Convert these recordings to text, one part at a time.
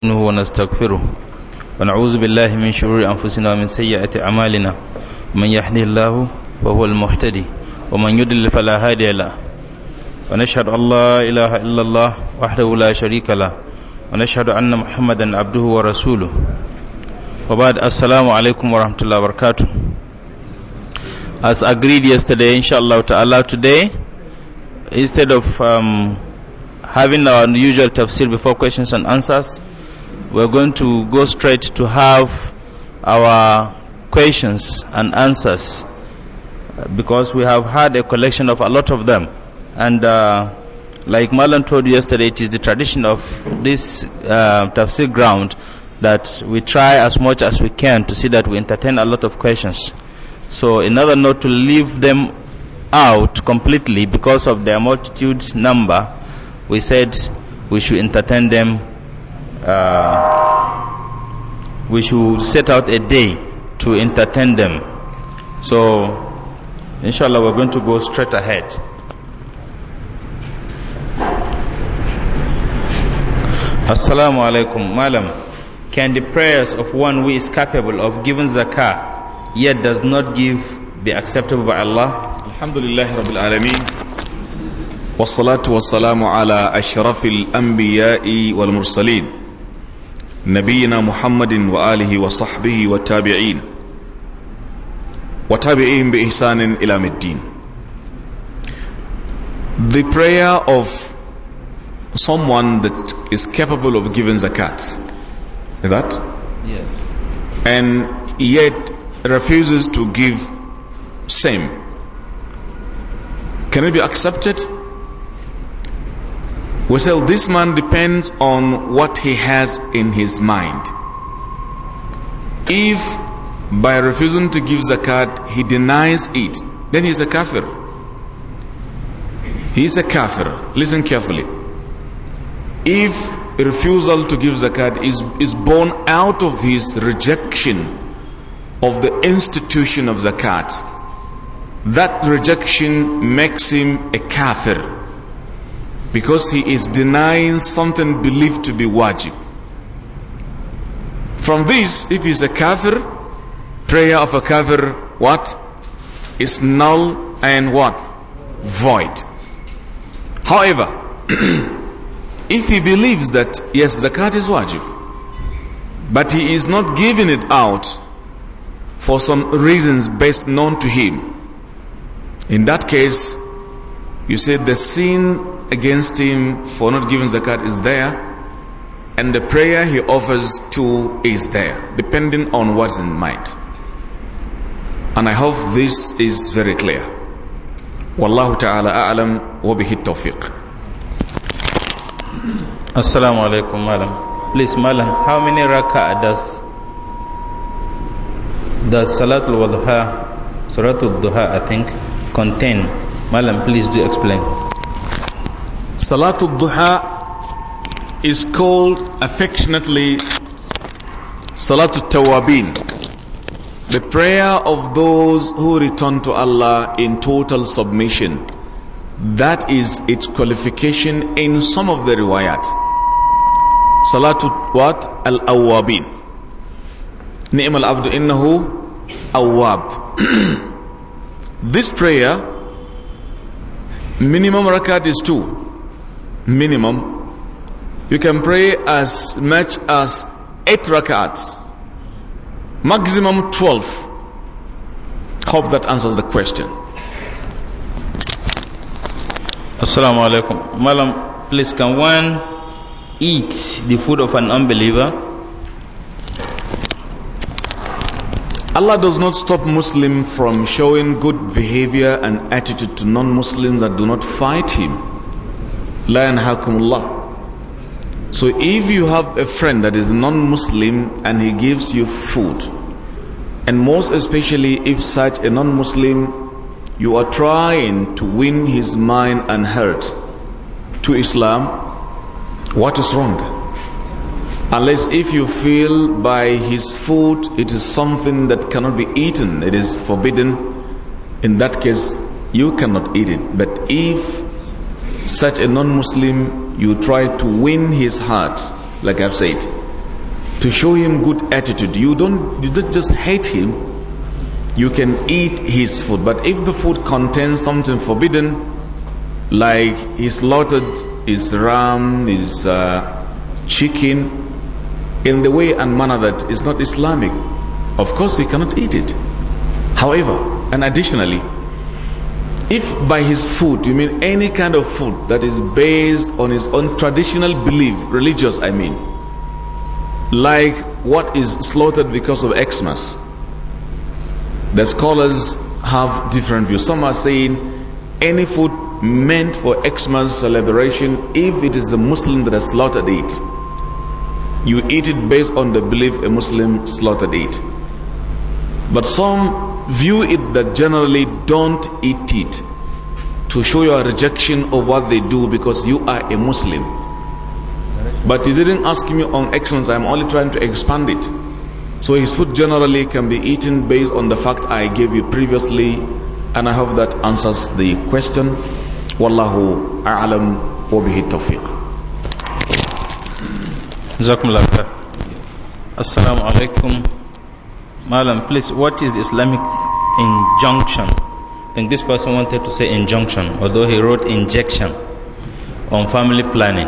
نستعينه ونستغفره ونعوذ بالله من شرور أنفسنا ومن سيئات أعمالنا من يهده الله فهو المهتدي ومن يضلل فلا هادي له ونشهد أن لا إله إلا الله وحده لا شريك له ونشهد أن محمدا عبده ورسوله وبعد السلام عليكم ورحمة الله وبركاته As agreed yesterday, inshallah ta'ala, today, instead of um, having our usual tafsir before questions and answers, we're going to go straight to have our questions and answers uh, because we have had a collection of a lot of them. And uh, like Marlon told you yesterday, it is the tradition of this uh, tafsir ground that we try as much as we can to see that we entertain a lot of questions. So, in order not to leave them out completely because of their multitude number, we said we should entertain them uh, we should set out a day to entertain them. So, inshallah, we're going to go straight ahead. Assalamu alaikum, madam. Can the prayers of one who is capable of giving zakah yet does not give be acceptable by Allah? Alhamdulillah Rabbil Alameen. والصلاة والسلام على أشرف الأنبياء والمرسلين نبينا محمد وآله وصحبه والتابعين وتابعين بإحسان إلى الدين The prayer of someone that is capable of giving zakat is that? Yes and yet refuses to give same can it be accepted? We say this man depends on what he has in his mind. If by refusing to give zakat he denies it, then he is a kafir. He is a kafir. Listen carefully. If refusal to give zakat is, is born out of his rejection of the institution of zakat, that rejection makes him a kafir because he is denying something believed to be wajib. From this, if he's a kafir, prayer of a kafir, what? Is null and what? Void. However, if he believes that, yes, zakat is wajib, but he is not giving it out for some reasons best known to him, in that case, you say the sin against him for not giving zakat is there, and the prayer he offers to is there, depending on what's in mind. And I hope this is very clear. Wallahu ta'ala a'lam wa bihi tawfiq. Assalamu alaikum, madam. Please, madam, how many rak'ah does does Salatul Wadha, Suratul Duha, I think, contain Malam, please do explain. Salatul Duha is called affectionately Salatul Tawabin, the prayer of those who return to Allah in total submission. That is its qualification in some of the riwayat. Salatul what? Al-Awabin. Ni'mal Abdu Innahu Awab. this prayer Minimum rakat is two. Minimum. You can pray as much as eight rakats. Maximum 12. Hope that answers the question. Assalamu alaikum. Malam, please can one eat the food of an unbeliever? Allah does not stop Muslim from showing good behavior and attitude to non-Muslims that do not fight him. La yanhakumullah. So if you have a friend that is non-Muslim and he gives you food, and most especially if such a non-Muslim, you are trying to win his mind and heart to Islam, what is wrong? Unless if you feel by his food it is something that cannot be eaten, it is forbidden, in that case you cannot eat it. But if such a non-Muslim you try to win his heart, like I've said, to show him good attitude, you don't, you don't just hate him, you can eat his food. But if the food contains something forbidden, like he slaughtered his ram, his uh, chicken, in the way and manner that is not Islamic, of course he cannot eat it. However, and additionally, if by his food you mean any kind of food that is based on his own traditional belief, religious I mean, like what is slaughtered because of Xmas, the scholars have different views. Some are saying any food meant for Xmas celebration, if it is the Muslim that has slaughtered it, you eat it based on the belief a Muslim slaughtered it. But some view it that generally don't eat it to show your rejection of what they do because you are a Muslim. But he didn't ask me on excellence, I'm only trying to expand it. So his food generally can be eaten based on the fact I gave you previously, and I hope that answers the question. Wallahu a'lam wa bihi tawfiq. Jazakumullah khair. Assalamu alaikum. Malam, please, what is Islamic injunction? I think this person wanted to say injunction, although he wrote injection on family planning.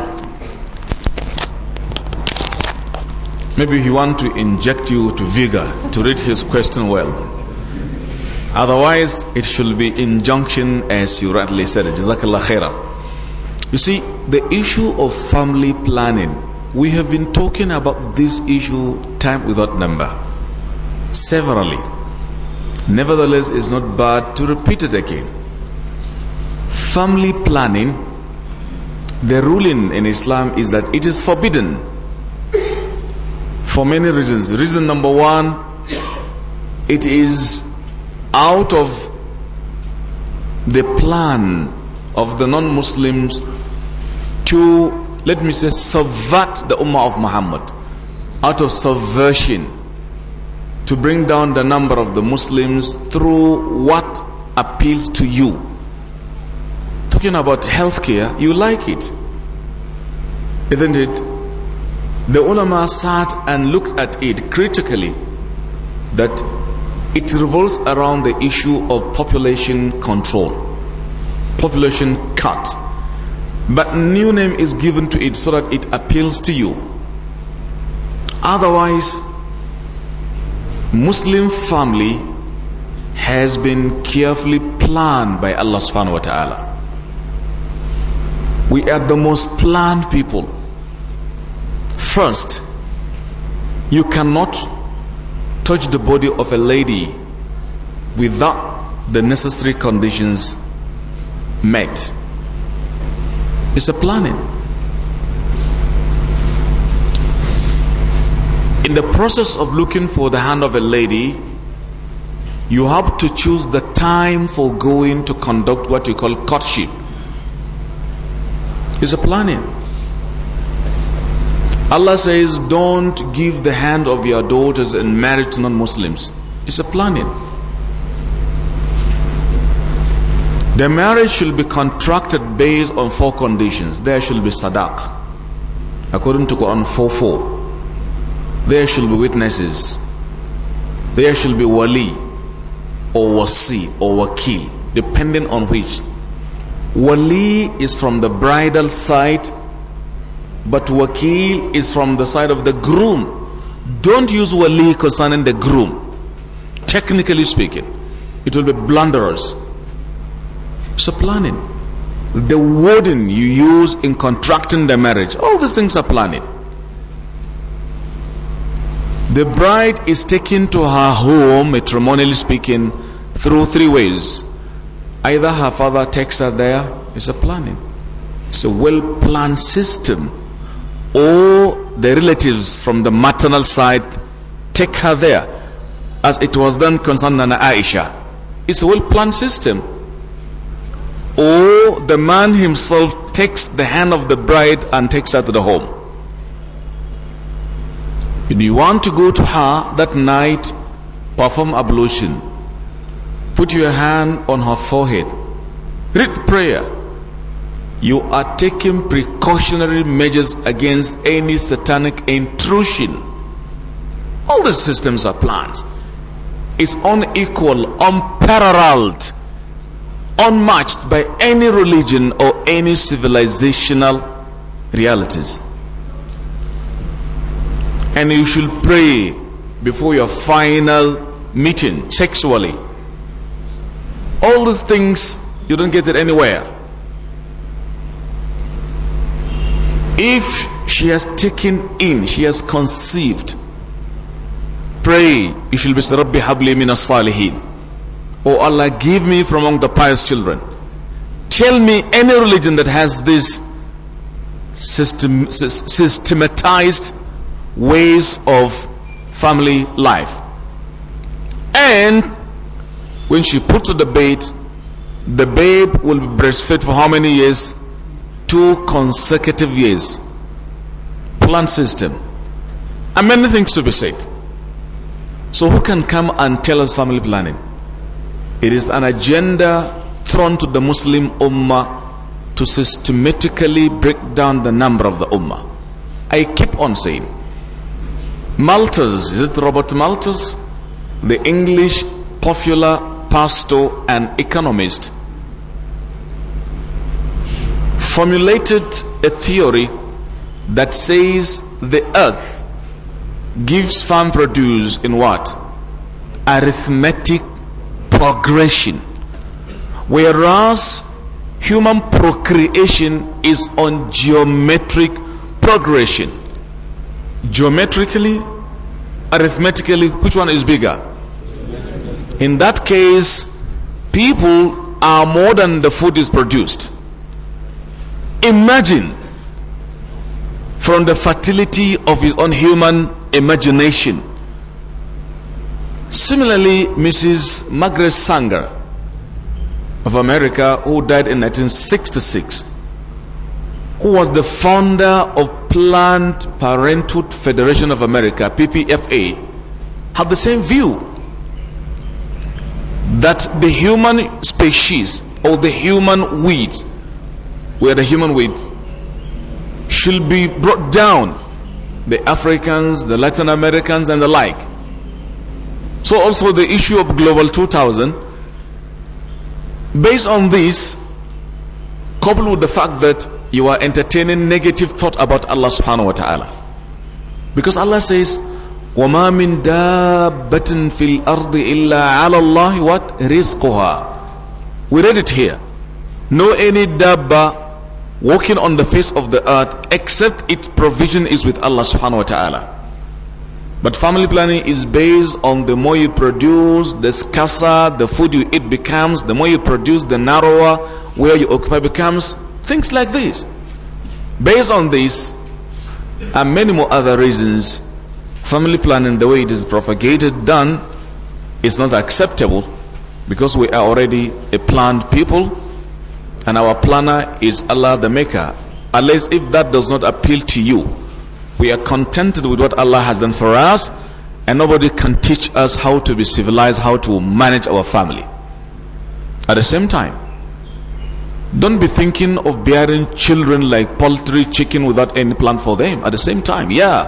Maybe he want to inject you to vigor to read his question well. Otherwise, it should be injunction as you rightly said. Jazakallah khairah. You see, the issue of family planning we have been talking about this issue time without number, severally. Nevertheless, it's not bad to repeat it again. Family planning, the ruling in Islam is that it is forbidden for many reasons. Reason number one, it is out of the plan of the non-Muslims to let me say, subvert the Ummah of Muhammad out of subversion to bring down the number of the Muslims through what appeals to you. Talking about healthcare, you like it, isn't it? The ulama sat and looked at it critically that it revolves around the issue of population control, population cut but new name is given to it so that it appeals to you. Otherwise, Muslim family has been carefully planned by Allah subhanahu wa ta'ala. We are the most planned people. First, you cannot touch the body of a lady without the necessary conditions met. It's a planning. In the process of looking for the hand of a lady, you have to choose the time for going to conduct what you call courtship. It's a planning. Allah says, don't give the hand of your daughters in marriage to non-Muslims. It's a planning. The marriage should be contracted based on four conditions. There should be sadaq, according to Quran 4.4. There should be witnesses. There should be wali, or wasi, or wakil, depending on which. Wali is from the bridal side, but wakil is from the side of the groom. Don't use wali concerning the groom. Technically speaking, it will be blunders. So planning. The wording you use in contracting the marriage, all these things are planning. The bride is taken to her home, matrimonially speaking, through three ways. Either her father takes her there, it's a planning. It's a well planned system. Or the relatives from the maternal side take her there, as it was then concerned in Aisha. It's a well planned system or the man himself takes the hand of the bride and takes her to the home. If you want to go to her that night, perform ablution. Put your hand on her forehead. Read prayer. You are taking precautionary measures against any satanic intrusion. All the systems are plans. It's unequal, unparalleled unmatched by any religion or any civilizational realities. And you should pray before your final meeting sexually. All these things, you don't get it anywhere. If she has taken in, she has conceived, pray, you shall be Rabbi Habli Mina Salihin. O oh Allah, give me from among the pious children. Tell me any religion that has this system, systematized ways of family life. And when she puts to the bed, the babe will be breastfed for how many years? Two consecutive years. Plant system. And many things to be said. So who can come and tell us family planning? It is an agenda thrown to the Muslim Ummah to systematically break down the number of the Ummah. I keep on saying, Maltese is it Robert Maltese, The English popular pastor and economist formulated a theory that says the earth gives farm produce in what? Arithmetic progression. Whereas human procreation is on geometric progression. Geometrically, arithmetically, which one is bigger? In that case, people are more than the food is produced. Imagine from the fertility of his own human imagination Similarly, Mrs. Margaret Sanger of America, who died in 1966, who was the founder of Planned Parenthood Federation of America, PPFA, had the same view that the human species or the human weed, where the human weed should be brought down, the Africans, the Latin Americans, and the like so also the issue of Global 2000. Based on this, coupled with the fact that you are entertaining negative thought about Allah subhanahu wa ta'ala. Because Allah says, وَمَا مِن دَابَّةٍ فِي الْأَرْضِ إِلَّا عَلَى اللَّهِ what? رِزْقُهَا We read it here. No any dabba walking on the face of the earth except its provision is with Allah subhanahu wa ta'ala. But family planning is based on the more you produce, the scarcer the food you eat becomes, the more you produce, the narrower where you occupy becomes, things like this. Based on this, and many more other reasons, family planning, the way it is propagated, done, is not acceptable because we are already a planned people and our planner is Allah the Maker. Unless if that does not appeal to you, we are contented with what Allah has done for us, and nobody can teach us how to be civilized, how to manage our family. At the same time, don't be thinking of bearing children like poultry, chicken without any plan for them. At the same time, yeah,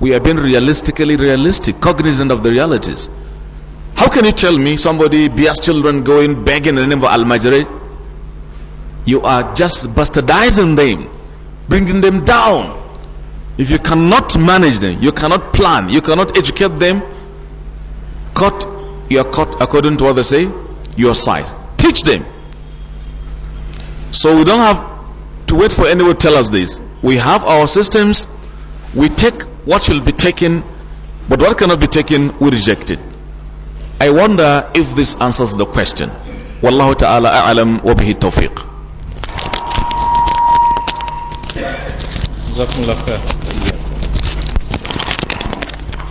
we are being realistically realistic, cognizant of the realities. How can you tell me somebody bears children going begging in the name of Al-Majri? You are just bastardizing them, bringing them down. If you cannot manage them, you cannot plan, you cannot educate them, cut your cut according to what they say, your size. Teach them. So we don't have to wait for anyone to tell us this. We have our systems, we take what should be taken, but what cannot be taken, we reject it. I wonder if this answers the question. Wallahu ta'ala a'alam wa bihi tawfiq.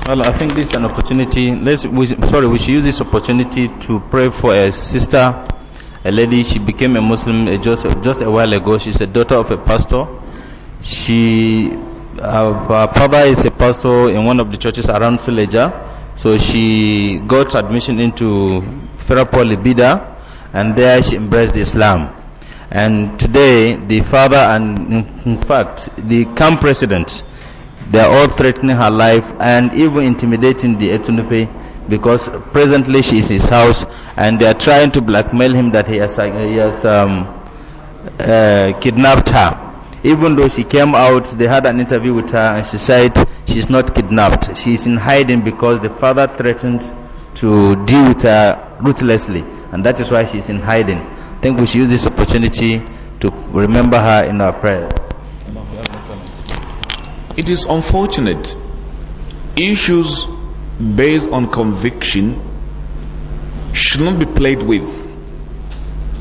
Well, I think this is an opportunity. Let's, we, sorry, we should use this opportunity to pray for a sister, a lady. She became a Muslim uh, just just a while ago. She's a daughter of a pastor. She, her, her father is a pastor in one of the churches around Villager. So she got admission into Ferapoli Bida, and there she embraced Islam. And today, the father and in fact the camp president they are all threatening her life and even intimidating the Etunupe because presently she is his house and they are trying to blackmail him that he has, uh, he has um, uh, kidnapped her. Even though she came out, they had an interview with her and she said she's not kidnapped. She is in hiding because the father threatened to deal with her ruthlessly and that is why she is in hiding. I think we should use this opportunity to remember her in our prayers. It is unfortunate. Issues based on conviction should not be played with.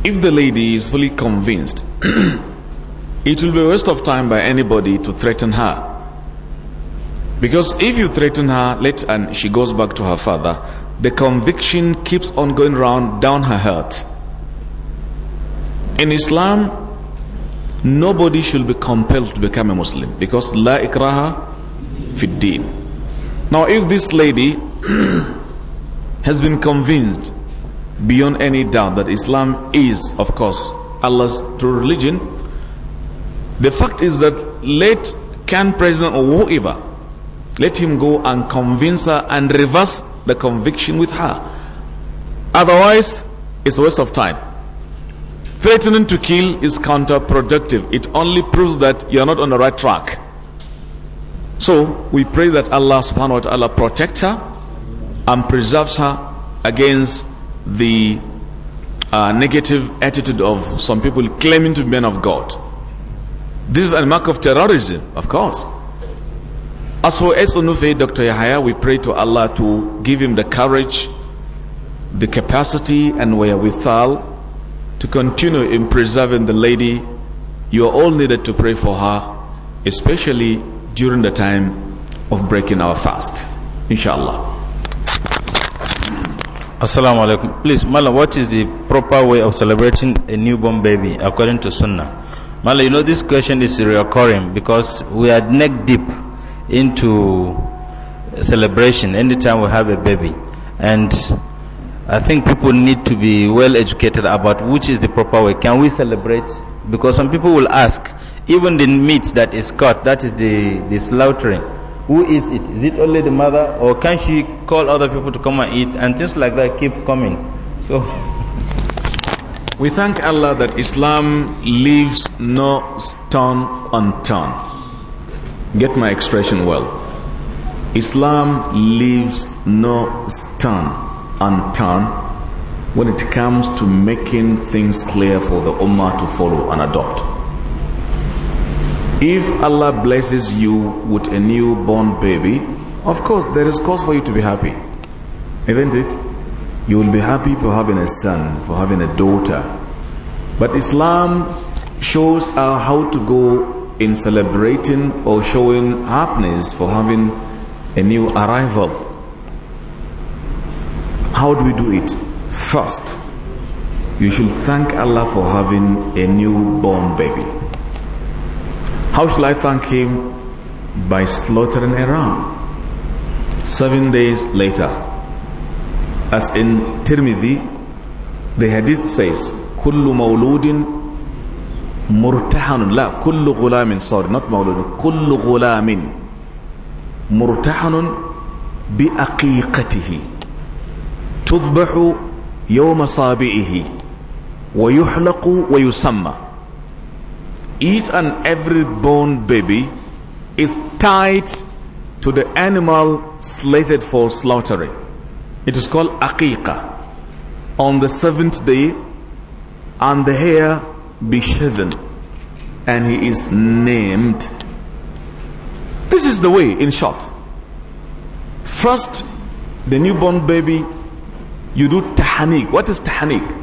If the lady is fully convinced, it will be a waste of time by anybody to threaten her. Because if you threaten her, let and she goes back to her father, the conviction keeps on going round down her heart. In Islam, nobody should be compelled to become a Muslim because la ikraha fid Now, if this lady has been convinced beyond any doubt that Islam is, of course, Allah's true religion, the fact is that let can president or whoever let him go and convince her and reverse the conviction with her. Otherwise, it's a waste of time. Threatening to kill is counterproductive. It only proves that you are not on the right track. So we pray that Allah subhanahu wa ta'ala protect her and preserves her against the uh, negative attitude of some people claiming to be men of God. This is a mark of terrorism, of course. As for Esunufe, Dr. Yahaya, we pray to Allah to give him the courage, the capacity, and wherewithal to continue in preserving the lady, you are all needed to pray for her, especially during the time of breaking our fast. Inshallah. Assalamu alaikum. Please, Mala, what is the proper way of celebrating a newborn baby according to Sunnah? Mala, you know, this question is recurring because we are neck deep into celebration anytime we have a baby. And I think people need to be well educated about which is the proper way. Can we celebrate? Because some people will ask, even the meat that is cut, that is the, the slaughtering, who eats it? Is it only the mother? Or can she call other people to come and eat? And things like that keep coming. So. We thank Allah that Islam leaves no stone unturned. Get my expression well. Islam leaves no stone unturned when it comes to making things clear for the Ummah to follow and adopt. If Allah blesses you with a newborn baby, of course there is cause for you to be happy. Isn't it? You will be happy for having a son, for having a daughter. But Islam shows us uh, how to go in celebrating or showing happiness for having a new arrival. How do we do it? First, you should thank Allah for having a newborn baby. How shall I thank Him? By slaughtering a ram. Seven days later, as in Tirmidhi, the hadith says, "Kullu mauludin murtahanun la kullu ghulamin." sorry not kullu ghulamin murtahanun bi بأقيقته تذبح يوم صابئه ويحلق ويسمى each and every born baby is tied to the animal slated for slaughtering it is called aqiqah on the seventh day and the hair be shaven and he is named this is the way in short first the newborn baby you do tahanik. What is tahanik?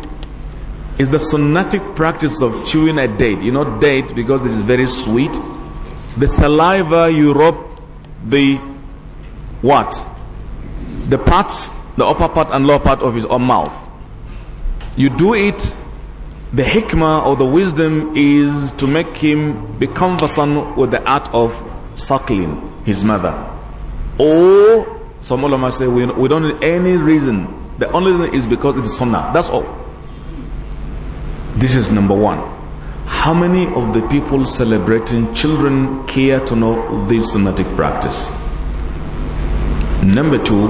It's the sunnatic practice of chewing a date. You know date because it is very sweet. The saliva you rub the what? The parts, the upper part and lower part of his own mouth. You do it the hikmah or the wisdom is to make him be conversant with the art of suckling his mother. Or some ulama say we, we don't need any reason the only reason is because it is sunnah. That's all. This is number one. How many of the people celebrating children care to know this sunnatic practice? Number two,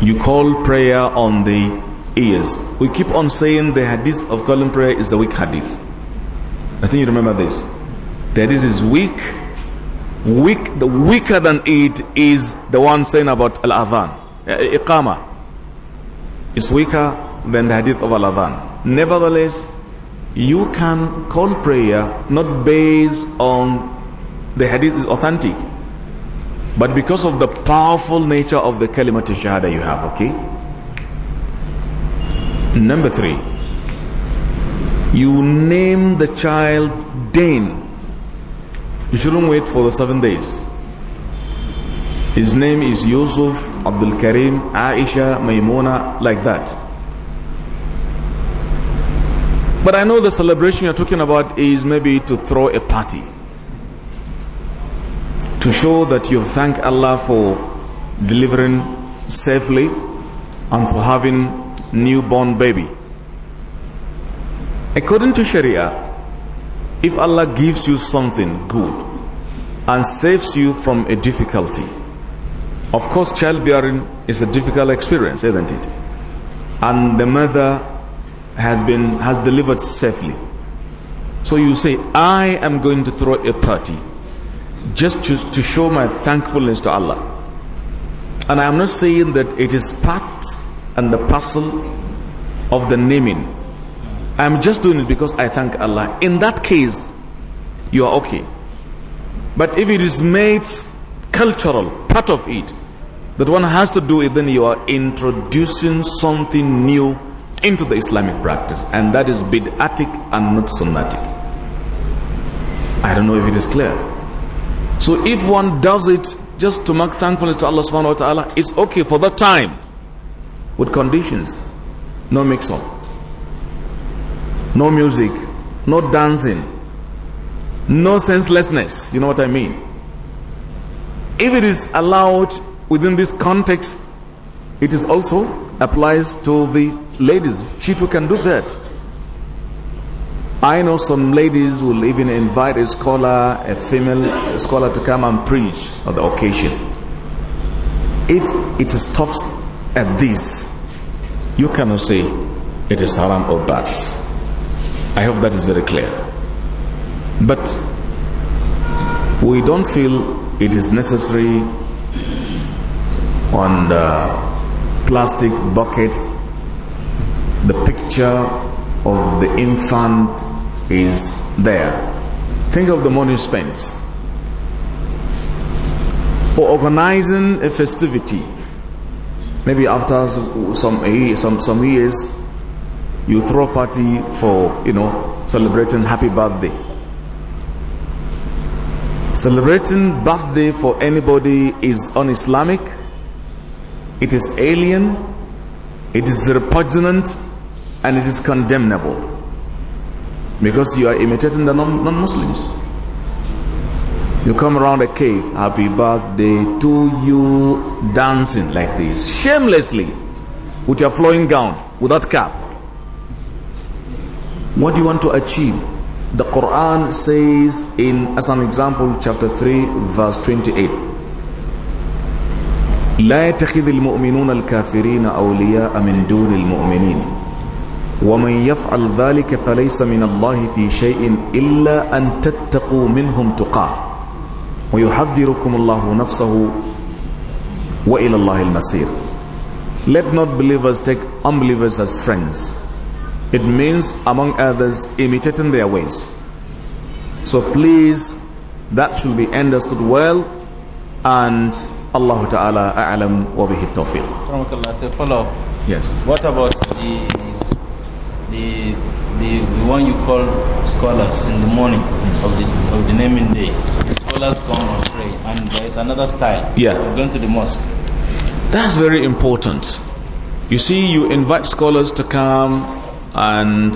you call prayer on the ears. We keep on saying the hadith of calling prayer is a weak hadith. I think you remember this. That is is weak. Weak, the weaker than it is the one saying about al-adhan, uh, iqamah is weaker than the hadith of Al-Adhan. Nevertheless, you can call prayer not based on the hadith is authentic, but because of the powerful nature of the kalimat shahada you have, okay? Number three, you name the child Dane. You shouldn't wait for the seven days. His name is Yusuf, Abdul Karim, Aisha, Maimuna, like that. But I know the celebration you're talking about is maybe to throw a party. To show that you thank Allah for delivering safely and for having newborn baby. According to Sharia, if Allah gives you something good and saves you from a difficulty, of course, childbearing is a difficult experience, isn't it? And the mother has been has delivered safely. So you say, I am going to throw a party just to, to show my thankfulness to Allah. And I am not saying that it is part and the parcel of the naming. I am just doing it because I thank Allah. In that case, you are okay. But if it is made cultural, part of it, that one has to do it, then you are introducing something new into the Islamic practice, and that is bid'atic and not sunnatic. I don't know if it is clear. So if one does it just to mark thankfulness to Allah subhanahu wa ta'ala, it's okay for that time with conditions. No mix up, no music, no dancing, no senselessness. You know what I mean? If it is allowed within this context, it is also applies to the ladies. She too can do that. I know some ladies will even invite a scholar, a female scholar to come and preach on the occasion. If it stops at this, you cannot say it is haram or bad. I hope that is very clear. But we don't feel it is necessary on the plastic bucket the picture of the infant is there think of the money spent or organizing a festivity maybe after some some some years you throw a party for you know celebrating happy birthday celebrating birthday for anybody is un-islamic it is alien, it is repugnant, and it is condemnable. Because you are imitating the non-Muslims. You come around a cake, happy birthday to you, dancing like this, shamelessly, with your flowing gown, without cap. What do you want to achieve? The Quran says in, as an example, chapter 3, verse 28, لا يتخذ المؤمنون الكافرين أولياء من دون المؤمنين ومن يفعل ذلك فليس من الله في شيء إلا أن تتقوا منهم تقاه ويحذركم الله نفسه وإلى الله المسير Let not believers take unbelievers as friends. It means, among others, imitating their ways. So please, that should be understood well and Allah Ta'ala a'lam wa bihi tawfiq. As follow yes. what about the, the, the, the, one you call scholars in the morning mm. of the, of the naming day? Scholars come and pray, and there is another style. Yeah. Going to the mosque. That's very important. You see, you invite scholars to come and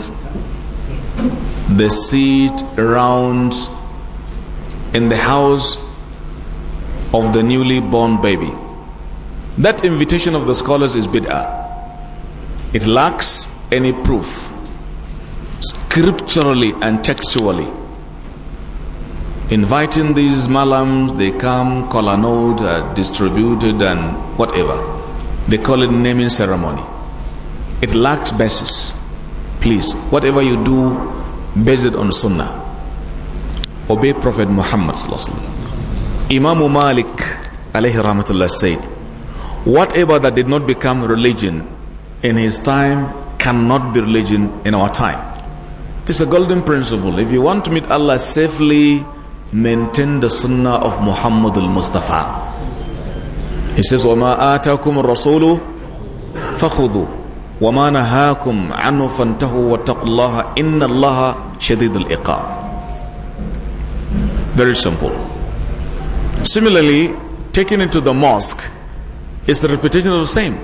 they sit around in the house of the newly born baby. That invitation of the scholars is bid'ah. It lacks any proof, scripturally and textually. Inviting these malams, they come, call colonized, are uh, distributed, and whatever. They call it naming ceremony. It lacks basis. Please, whatever you do, base it on Sunnah. Obey Prophet Muhammad sallallahu alaihi wasallam. Imam Malik alayhi rahmatullah said, whatever that did not become religion in his time cannot be religion in our time. It's a golden principle. If you want to meet Allah safely, maintain the sunnah of Muhammad al-Mustafa. He says, وَمَا آتَاكُمُ الرَّسُولُ فَخُذُوا وَمَا نَهَاكُمْ عَنْهُ فَانْتَهُوا وَاتَّقُوا اللَّهَ إِنَّ اللَّهَ شَدِيدُ الْإِقَامِ Very simple. Similarly, taken into the mosque is the repetition of the same.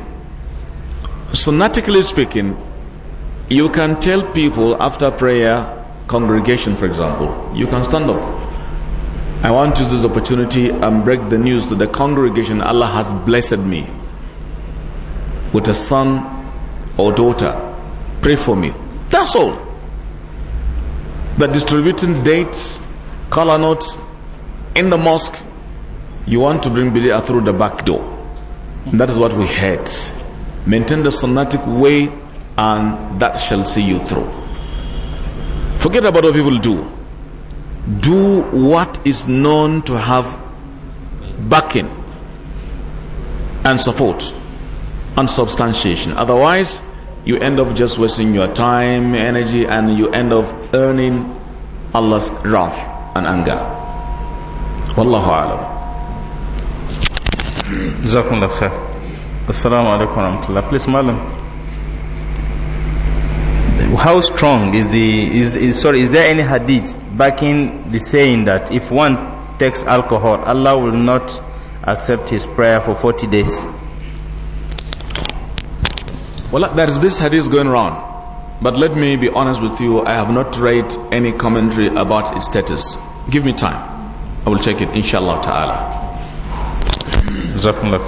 Sonatically speaking, you can tell people after prayer, congregation, for example, you can stand up. I want to use this opportunity and break the news to the congregation Allah has blessed me with a son or daughter. Pray for me. That's all. The distributing date, color notes in the mosque you want to bring bid'ah through the back door. And that is what we hate. Maintain the sunnatic way and that shall see you through. Forget about what people do. Do what is known to have backing and support and substantiation. Otherwise, you end up just wasting your time, energy, and you end up earning Allah's wrath and anger. Wallahu alam. Jazakumullah khair. Assalamu alaikum Please, madam. How strong is the is, is sorry is there any hadith backing the saying that if one takes alcohol Allah will not accept his prayer for 40 days? Well, there is this hadith going around. But let me be honest with you, I have not read any commentary about its status. Give me time. I will check it, inshallah ta'ala. Mala,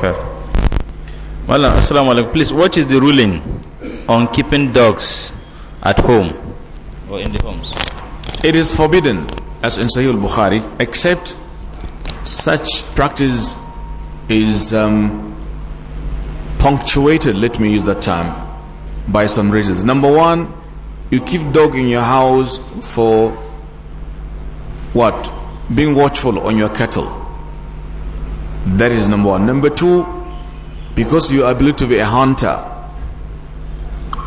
alaikum. Please, what is the ruling on keeping dogs at home or in the homes? It is forbidden, as in Sahih al-Bukhari, except such practice is um, punctuated, let me use that term, by some reasons. Number one, you keep dog in your house for what? Being watchful on your cattle. That is number one. Number two, because you are believed to be a hunter,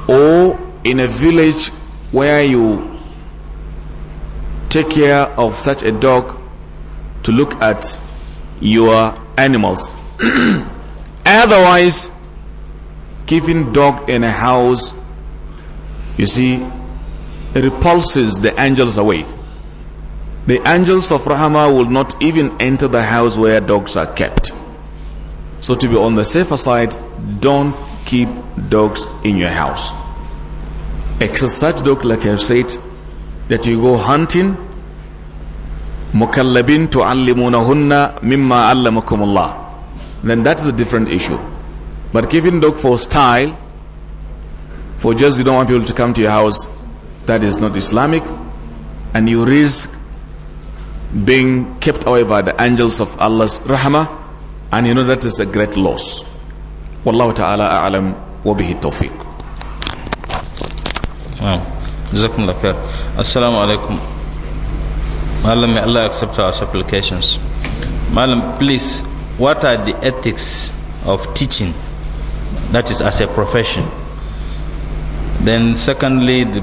or in a village where you take care of such a dog to look at your animals. Otherwise, keeping dog in a house, you see, repulses the angels away. The angels of Rahama will not even enter the house where dogs are kept. So to be on the safer side, don't keep dogs in your house. Except such dog, like I've said, that you go hunting, مكلبين تعلمونهن مما علمكم الله then that's a different issue but giving dog for style for just you don't want people to come to your house that is not Islamic and you risk being kept away by the angels of Allah's rahmah. And you know that is a great loss. Wallahu ta'ala a'lam wa bihi tawfiq. Jazakum khair. Assalamu alaikum. Malam, may Allah accept our supplications. Malam, please, what are the ethics of teaching? That is as a profession. Then secondly, the,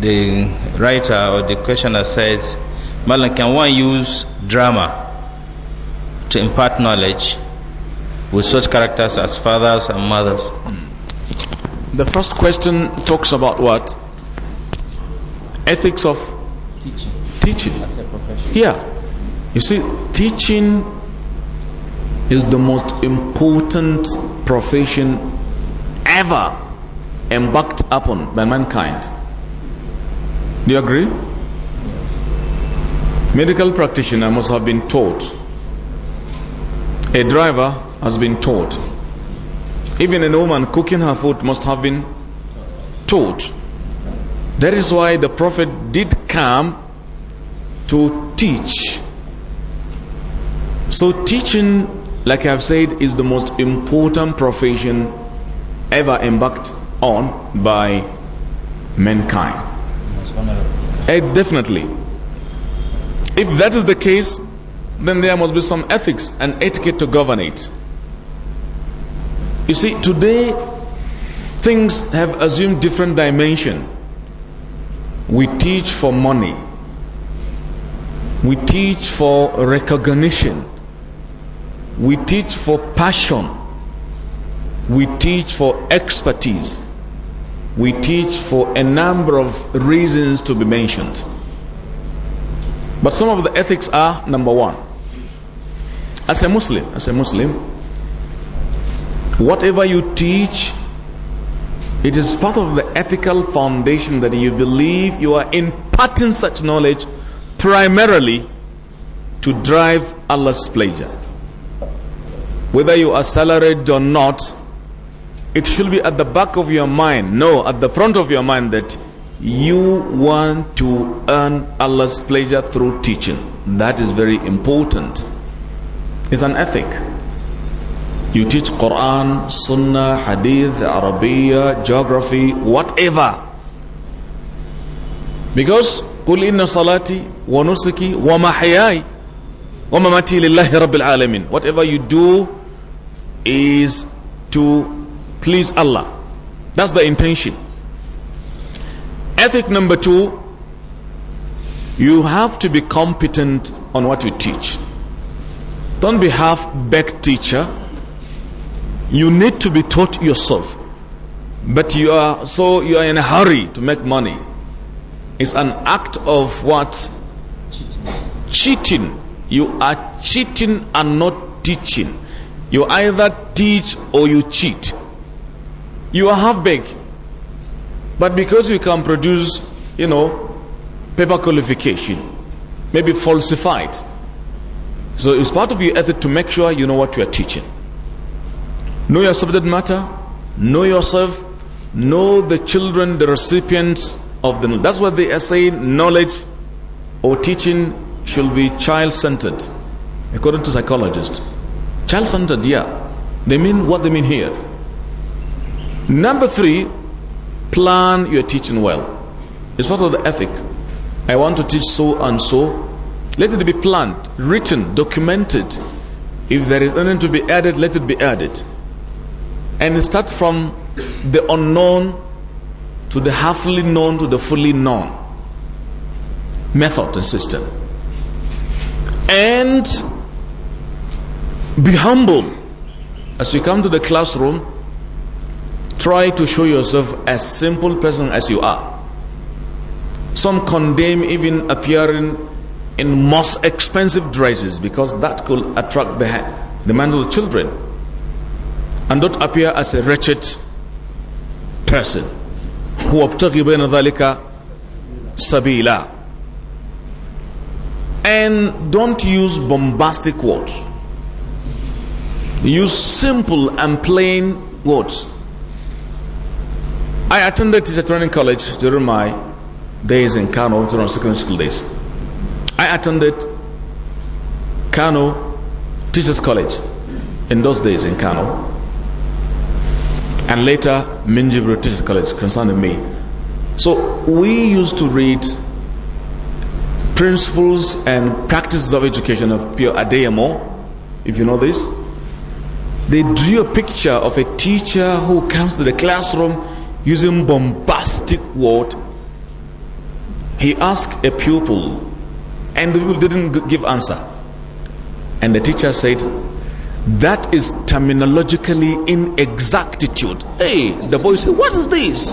the writer or the questioner says, Malan, can one use drama to impart knowledge with such characters as fathers and mothers? The first question talks about what? Ethics of teaching. Teaching. Yeah. You see, teaching is the most important profession ever embarked upon by mankind. Do you agree? Medical practitioner must have been taught. A driver has been taught. Even a woman cooking her food must have been taught. That is why the Prophet did come to teach. So teaching, like I've said, is the most important profession ever embarked on by mankind. Uh, definitely. If that is the case, then there must be some ethics and etiquette to govern it. You see, today things have assumed different dimension. We teach for money. We teach for recognition. We teach for passion. We teach for expertise. We teach for a number of reasons to be mentioned. But some of the ethics are number one. As a Muslim, as a Muslim, whatever you teach, it is part of the ethical foundation that you believe you are imparting such knowledge primarily to drive Allah's pleasure. Whether you are salaried or not, it should be at the back of your mind, no, at the front of your mind that you want to earn Allah's pleasure through teaching. That is very important. It's an ethic. You teach Quran, Sunnah, Hadith, Arabia, geography, whatever. Because قل إن صلاتي ونسكي ومحياي ومماتي لله رب العالمين whatever you do is to please Allah that's the intention Ethic number two, you have to be competent on what you teach. Don't be half-baked teacher. You need to be taught yourself. But you are so you are in a hurry to make money. It's an act of what? Cheating. You are cheating and not teaching. You either teach or you cheat. You are half-baked. But because we can produce, you know, paper qualification, maybe falsified. So it's part of your ethic to make sure you know what you are teaching. Know your subject matter, know yourself, know the children, the recipients of the knowledge. That's what they are saying knowledge or teaching should be child-centered, according to psychologists. Child-centered, yeah. They mean what they mean here. Number three, Plan your teaching well. It's part of the ethics. I want to teach so and so. Let it be planned, written, documented. If there is anything to be added, let it be added. And start from the unknown to the halfly known to the fully known method and system. And be humble as you come to the classroom Try to show yourself as simple person as you are. Some condemn even appearing in most expensive dresses because that could attract the, the mind of the children. And don't appear as a wretched person. who sabila. And don't use bombastic words. Use simple and plain words. I attended teacher training college during my days in Kano, during secondary school days. I attended Kano Teachers College in those days in Kano. And later, Minjibro Teachers College concerning me. So we used to read principles and practices of education of Pierre Adeyemo, if you know this. They drew a picture of a teacher who comes to the classroom using bombastic word he asked a pupil and the pupil didn't give answer and the teacher said that is terminologically inexactitude hey the boy said what is this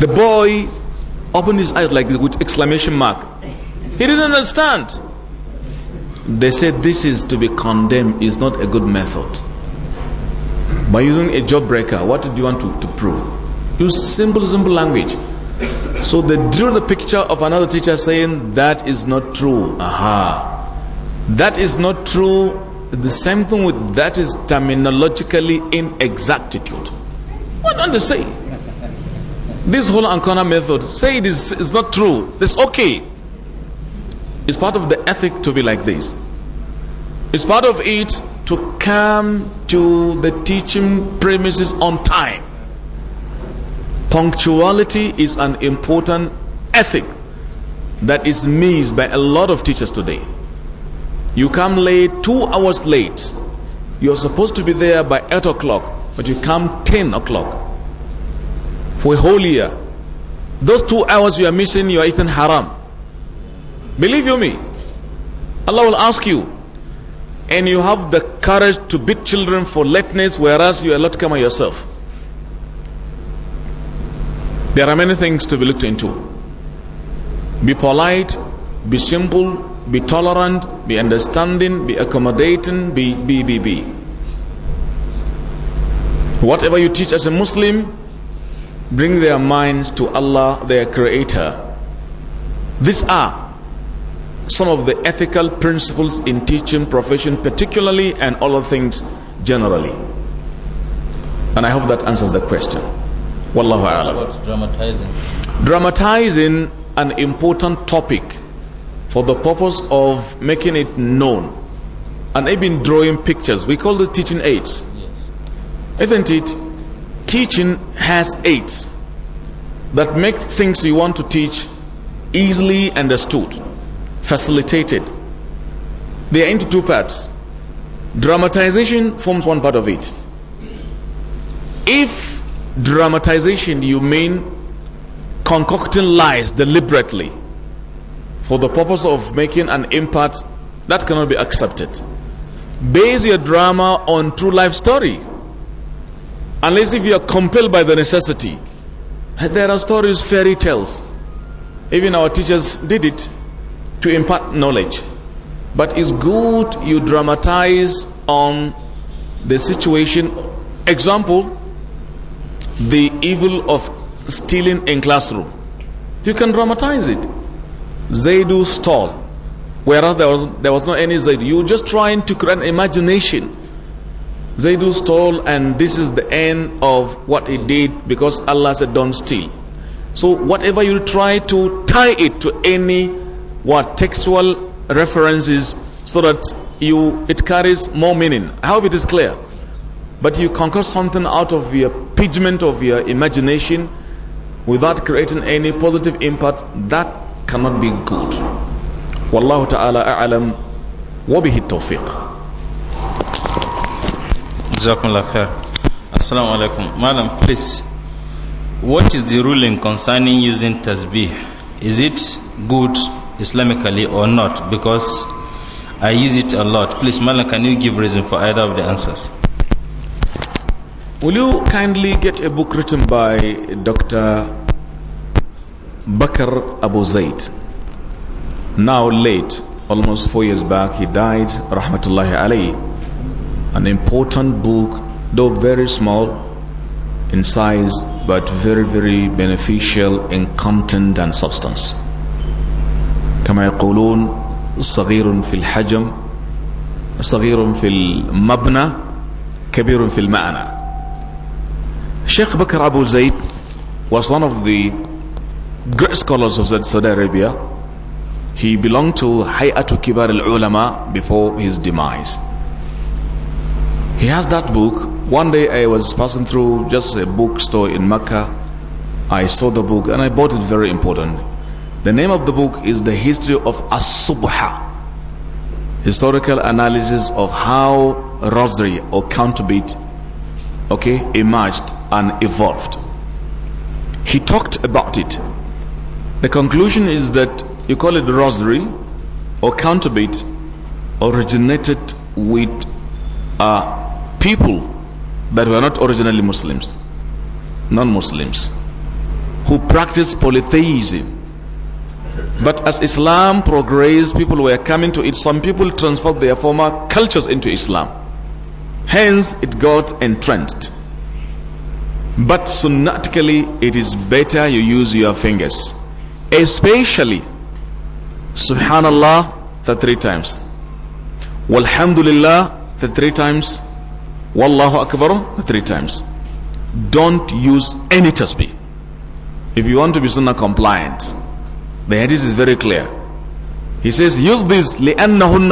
the boy opened his eyes like with exclamation mark he didn't understand they said this is to be condemned is not a good method by using a jawbreaker. What do you want to, to prove? Use simple, simple language. So they drew the picture of another teacher saying, that is not true. Aha. That is not true. The same thing with that is terminologically inexactitude. What don't they say? This whole Ancona method, say it is it's not true. It's okay. It's part of the ethic to be like this. It's part of it to come to the teaching premises on time. Punctuality is an important ethic that is missed by a lot of teachers today. You come late, two hours late. You're supposed to be there by 8 o'clock, but you come 10 o'clock for a whole year. Those two hours you are missing, you are eating haram. Believe you me, Allah will ask you, and you have the courage to beat children for lateness, whereas you are not coming yourself. There are many things to be looked into. Be polite, be simple, be tolerant, be understanding, be accommodating, be, be, be, be. Whatever you teach as a Muslim, bring their minds to Allah, their Creator. These are some of the ethical principles in teaching profession particularly and other things generally. And I hope that answers the question. Wallahu alam. Dramatizing. Dramatizing an important topic for the purpose of making it known and even drawing pictures. We call the teaching aids. Yes. Isn't it? Teaching has aids that make things you want to teach easily understood facilitated. They are into two parts. Dramatization forms one part of it. If dramatization you mean concocting lies deliberately for the purpose of making an impact, that cannot be accepted. Base your drama on true life story. Unless if you are compelled by the necessity. There are stories, fairy tales. Even our teachers did it to impart knowledge. But it's good you dramatize on the situation. Example, the evil of stealing in classroom. You can dramatize it. Zaidu stole, whereas there was, there was not any Zaidu. You are just trying to create an imagination. Zaidu stole and this is the end of what he did because Allah said don't steal. So whatever you try to tie it to any what textual references so that you it carries more meaning. I hope it is clear. But you conquer something out of your pigment of your imagination without creating any positive impact, that cannot be good. Wallahu ta'ala a'lam wa bihi tawfiq. Jazakumullah khair. Assalamu alaikum. Madam, please. What is the ruling concerning using tasbih? Is it good Islamically or not? Because I use it a lot. Please, Malan, can you give reason for either of the answers? Will you kindly get a book written by Dr. Bakr Abu Zaid? Now late, almost four years back, he died, rahmatullahi alayhi. An important book, though very small in size, but very, very beneficial in content and substance. كما يقولون صغير في الحجم صغير في المبنى كبير في المعنى Sheikh Bakr Abu Zaid was one of the great scholars of Saudi Arabia. He belonged to Hay'atu Kibar al-Ulama before his demise. He has that book. One day I was passing through just a bookstore in Mecca. I saw the book and I bought it very important. The name of the book is The History of As-Subha. Historical analysis of how rosary or counterbeat okay, emerged and evolved. He talked about it. The conclusion is that you call it rosary or counterbeat originated with uh, people that were not originally Muslims, non-Muslims, who practiced polytheism but as Islam progressed, people were coming to it. Some people transferred their former cultures into Islam. Hence, it got entrenched. But sunnatically, it is better you use your fingers. Especially, subhanallah, the three times. Walhamdulillah, the three times. Wallahu Akbar, the three times. Don't use any tasbih. If you want to be sunnah compliant, the hadith is very clear. He says, use this Because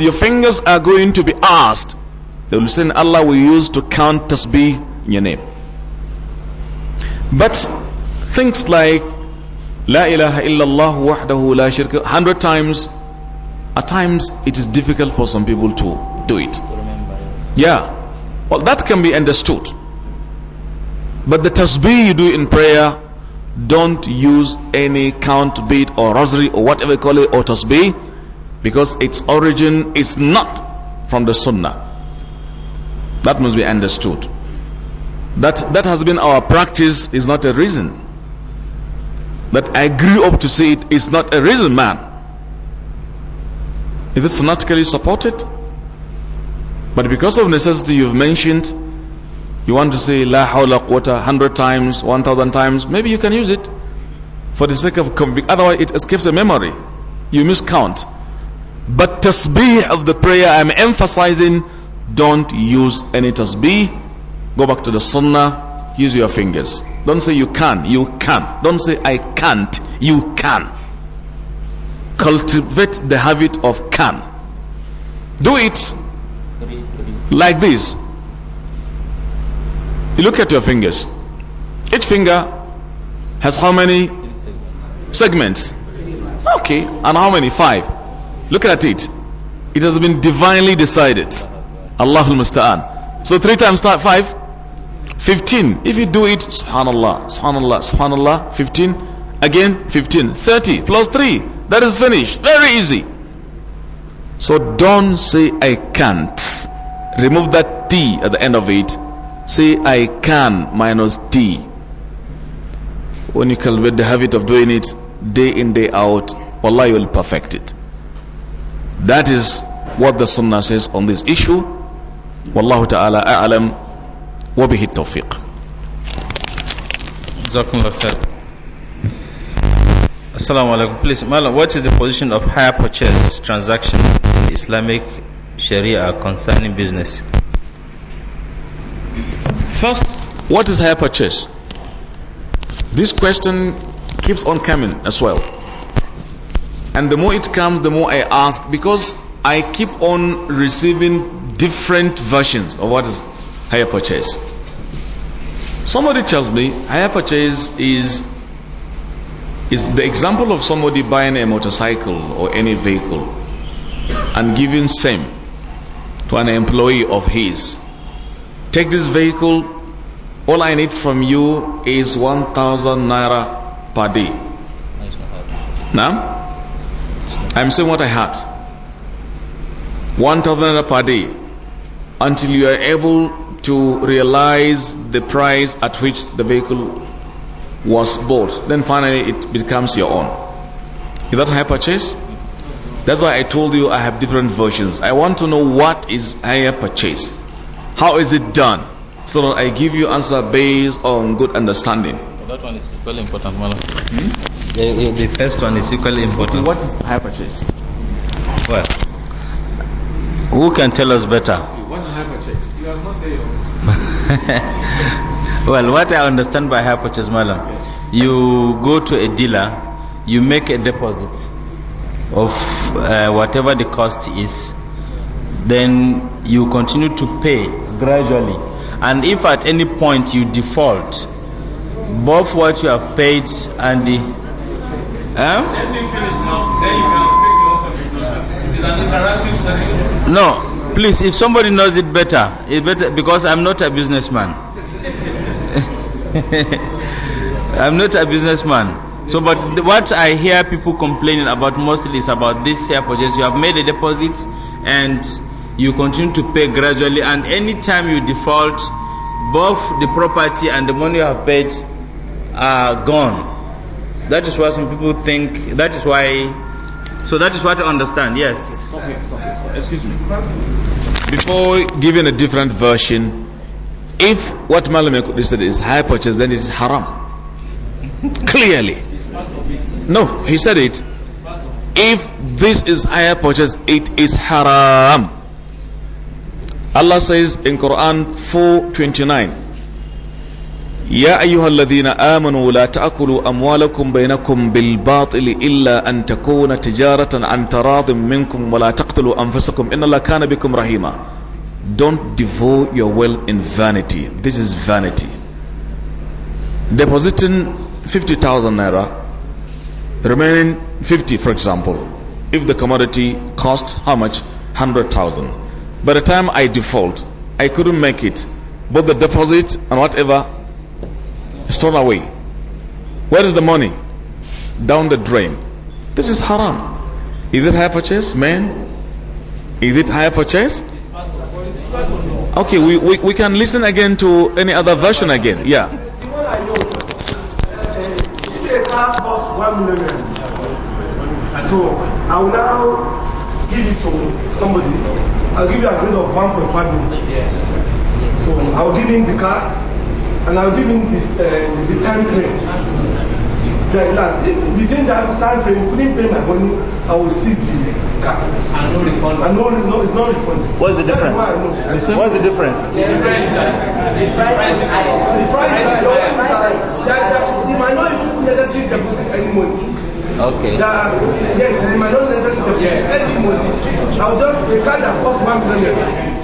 your fingers are going to be asked. They will say, Allah will use to count tasbih in your name. But things like La ilaha illallah wahdahu la shirka hundred times, at times it is difficult for some people to do it. Yeah. Well, that can be understood. But the tasbih you do in prayer don't use any count bead or rosary or whatever you call it or tasbih because its origin is not from the sunnah that must be understood that that has been our practice is not a reason that i grew up to see it is not a reason man is it fanatically supported but because of necessity you've mentioned you want to say La hawla quwwata 100 times, 1000 times, maybe you can use it for the sake of conviction. Otherwise, it escapes the memory. You miscount. But tasbih of the prayer, I'm emphasizing, don't use any tasbih. Go back to the sunnah, use your fingers. Don't say you can, you can. Don't say I can't, you can. Cultivate the habit of can. Do it like this. You look at your fingers. Each finger has how many segments? Okay, and how many? Five. Look at it. It has been divinely decided. Allahul Musta'an. So three times five, 15. If you do it, subhanallah, subhanallah, subhanallah, 15. Again, 15. 30 plus 3. That is finished. Very easy. So don't say I can't. Remove that T at the end of it say I can minus D. When you cultivate the habit of doing it day in, day out, Allah will perfect it. That is what the Sunnah says on this issue. Wallahu ta'ala a'lam wa bihi tawfiq. Assalamu alaikum. Please, Malam, what is the position of higher purchase transaction in Islamic Sharia concerning business? First, what is higher purchase? This question keeps on coming as well. And the more it comes, the more I ask because I keep on receiving different versions of what is higher purchase. Somebody tells me higher purchase is is the example of somebody buying a motorcycle or any vehicle and giving same to an employee of his Take this vehicle. All I need from you is 1,000 naira per day. Now, I'm saying what I had. 1,000 naira per day until you are able to realize the price at which the vehicle was bought. Then finally it becomes your own. Is that high purchase? That's why I told you I have different versions. I want to know what is higher purchase. How is it done? So I give you answer based on good understanding. That one is equally important, Malam. Hmm? The, the first one is equally important. What is hyperchase? Well, who can tell us better? What is hyperchase? You have not said oh. Well, what I understand by hyperchase, Malam, yes. you go to a dealer, you make a deposit of uh, whatever the cost is, then you continue to pay gradually. And if at any point you default, both what you have paid and the. No, please, if somebody knows it better, it better because I'm not a businessman. I'm not a businessman. So, but what I hear people complaining about mostly is about this here purchase. You have made a deposit, and you continue to pay gradually and anytime you default both the property and the money you have paid are gone that is why some people think that is why so that is what i understand yes stop stop stop. excuse me before giving a different version if what malam said is high purchase then it is haram clearly no he said it if this is higher purchase it is haram Allah says in Quran 4:29 يا أيها الذين آمنوا لا تأكلوا أموالكم بينكم بالباطل إلا أن تكون تجارة عن تراض منكم ولا تقتلوا أنفسكم إن الله كان بكم رحيما Don't devote your wealth in vanity. This is vanity. Depositing 50,000 naira, remaining 50 for example. If the commodity cost how much? 100,000. By the time I default, I couldn't make it. Both the deposit and whatever is thrown away. Where is the money? Down the drain. This is haram. Is it high purchase, man? Is it high purchase? Okay, we, we, we can listen again to any other version again. Yeah. So I will now give it to somebody I'll give you a grade of 1.5 million. Yes. So I'll give him the car and I'll give him this, uh, the time frame. Then last, if within that time frame, you couldn't pay my money, I will seize the card. And no refund. And no, no it's not refund. What's the difference? What's the difference? The price is higher. The price is higher. You might not even necessarily deposit any money. Okay. That, yes, in my own letter to the yes. every I'll just, a card that costs one million,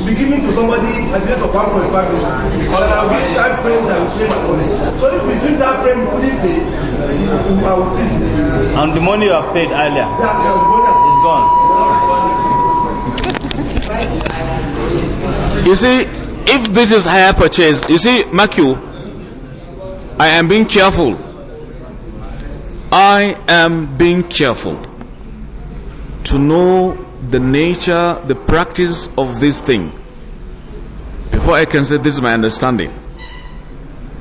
be given to somebody at the rate of 1.5 million. Or I'll give time frame that will pay my money. So if within that frame you couldn't pay, I will cease. And the money you have paid earlier? That, the money is gone. You see, if this is higher purchase, you see, Matthew, I am being careful I am being careful to know the nature, the practice of this thing before I can say this is my understanding.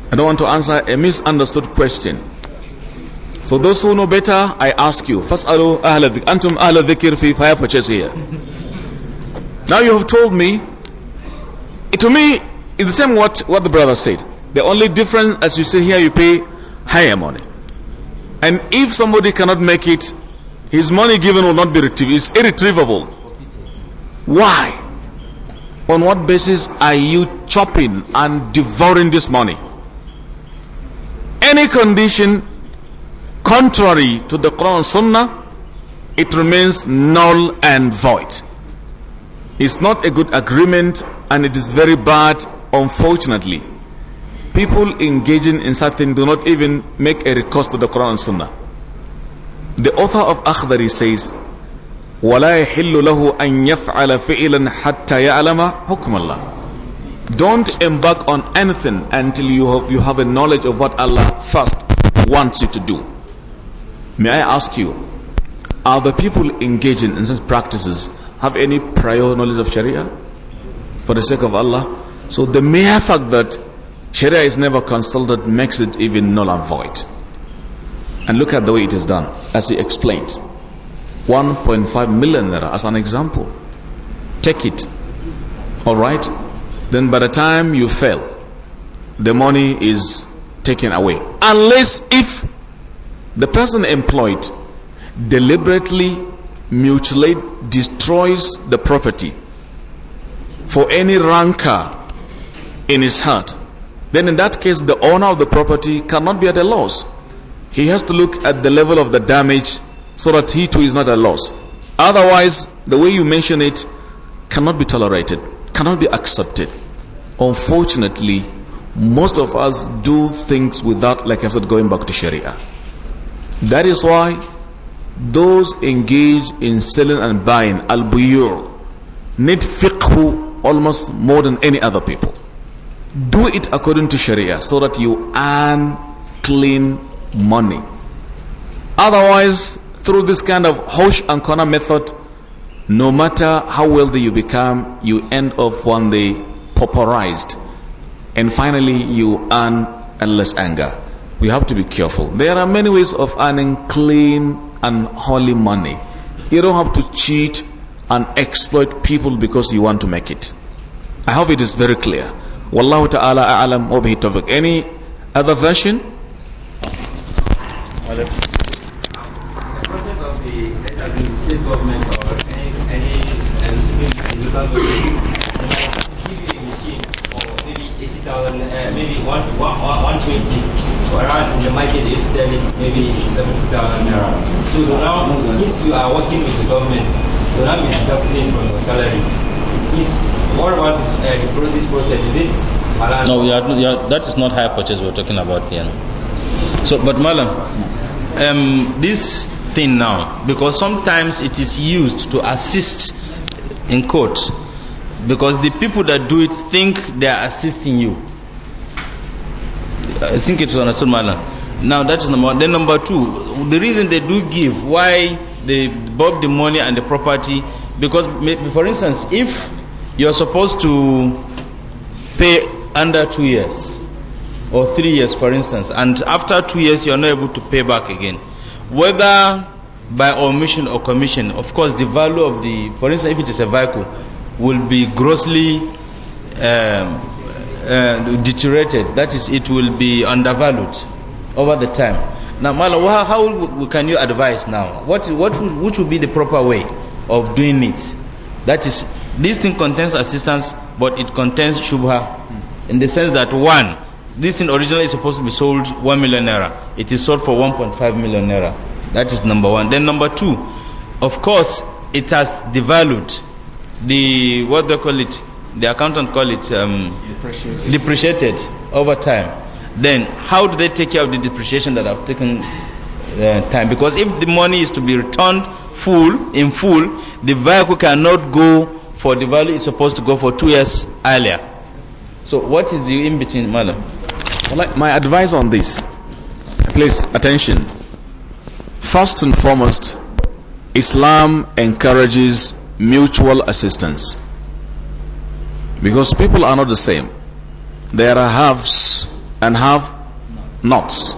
I don't want to answer a misunderstood question. So those who know better, I ask you. First, antum dhikr fi fire purchase here. Now you have told me, to me, it's the same what, what the brother said. The only difference, as you say here, you pay higher money. And if somebody cannot make it, his money given will not be retrieved. It's irretrievable. Why? On what basis are you chopping and devouring this money? Any condition contrary to the Quran and Sunnah, it remains null and void. It's not a good agreement and it is very bad, unfortunately people engaging in such thing do not even make a request to the Quran and Sunnah. The author of Akhdari says, وَلَا يَحِلُّ لَهُ أَن يَفْعَلَ فِعِلًا حَتَّى يَعْلَمَ حُكْمَ اللَّهِ Don't embark on anything until you have, you have a knowledge of what Allah first wants you to do. May I ask you, are the people engaging in such practices have any prior knowledge of Sharia? For the sake of Allah? So the mere fact that Sharia is never consulted, makes it even null and void. And look at the way it is done, as he explained. 1.5 million naira as an example. Take it. All right? Then by the time you fail, the money is taken away. Unless if the person employed deliberately mutilate, destroys the property for any rancor in his heart then in that case the owner of the property cannot be at a loss. He has to look at the level of the damage so that he too is not at a loss. Otherwise, the way you mention it cannot be tolerated, cannot be accepted. Unfortunately, most of us do things without, like i said, going back to Sharia. That is why those engaged in selling and buying, al-buyur, need fiqh almost more than any other people do it according to Sharia so that you earn clean money. Otherwise, through this kind of hosh and corner method, no matter how wealthy you become, you end up one day pauperized. And finally, you earn endless anger. We have to be careful. There are many ways of earning clean and holy money. You don't have to cheat and exploit people because you want to make it. I hope it is very clear. Wallahu ta'ala a'lam wa bihi tawfiq. Any other version? maybe 120, whereas in the market maybe 70,000 So now, since you are working with the government, you're not deducting from your salary. Since what about this, uh, process. Is it halal? No, you are, you are, that is not high purchase we're talking about here. So, but Malam, um, this thing now, because sometimes it is used to assist in court, because the people that do it think they are assisting you. I think it's understood, Malam. Now that is number one. Then number two, the reason they do give, why they bob the money and the property, because for instance, if you're supposed to pay under two years or three years, for instance, and after two years, you're not able to pay back again. Whether by omission or commission, of course, the value of the, for instance, if it is a vehicle, will be grossly um, uh, deteriorated. That is, it will be undervalued over the time. Now, Mala, how can you advise now? What, what, which would be the proper way of doing it? That is, this thing contains assistance, but it contains shubha in the sense that one, this thing originally is supposed to be sold 1 million naira. It is sold for 1.5 million naira. That is number one. Then number two, of course, it has devalued the, what they call it? The accountant call it um, depreciated. depreciated over time. Then how do they take care of the depreciation that have taken uh, time? Because if the money is to be returned full, in full, the vehicle cannot go for the value is supposed to go for two years earlier. So what is the in-between, Madam? Well, my advice on this, please attention. First and foremost, Islam encourages mutual assistance. Because people are not the same. There are haves and have nots.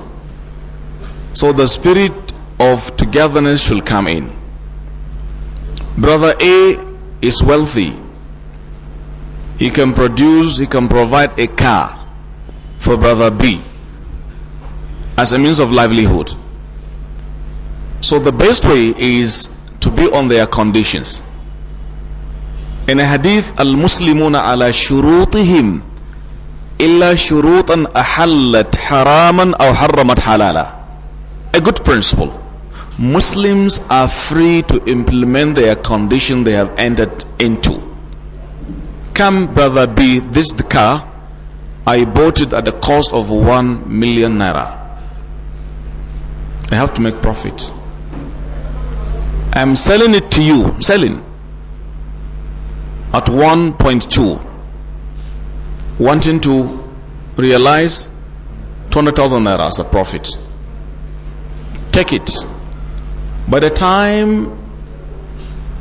So the spirit of togetherness should come in. Brother A is wealthy. He can produce, he can provide a car for brother B as a means of livelihood. So the best way is to be on their conditions. In a hadith, Al-Muslimuna ala shurutihim illa shurutan ahallat haraman aw harramat halala. A good principle. Muslims are free to implement their condition they have entered into. Come, brother B, this the car. I bought it at the cost of one million naira. I have to make profit. I'm selling it to you, I'm selling at 1.2, wanting to realize 200,000 naira as a profit. Take it by the time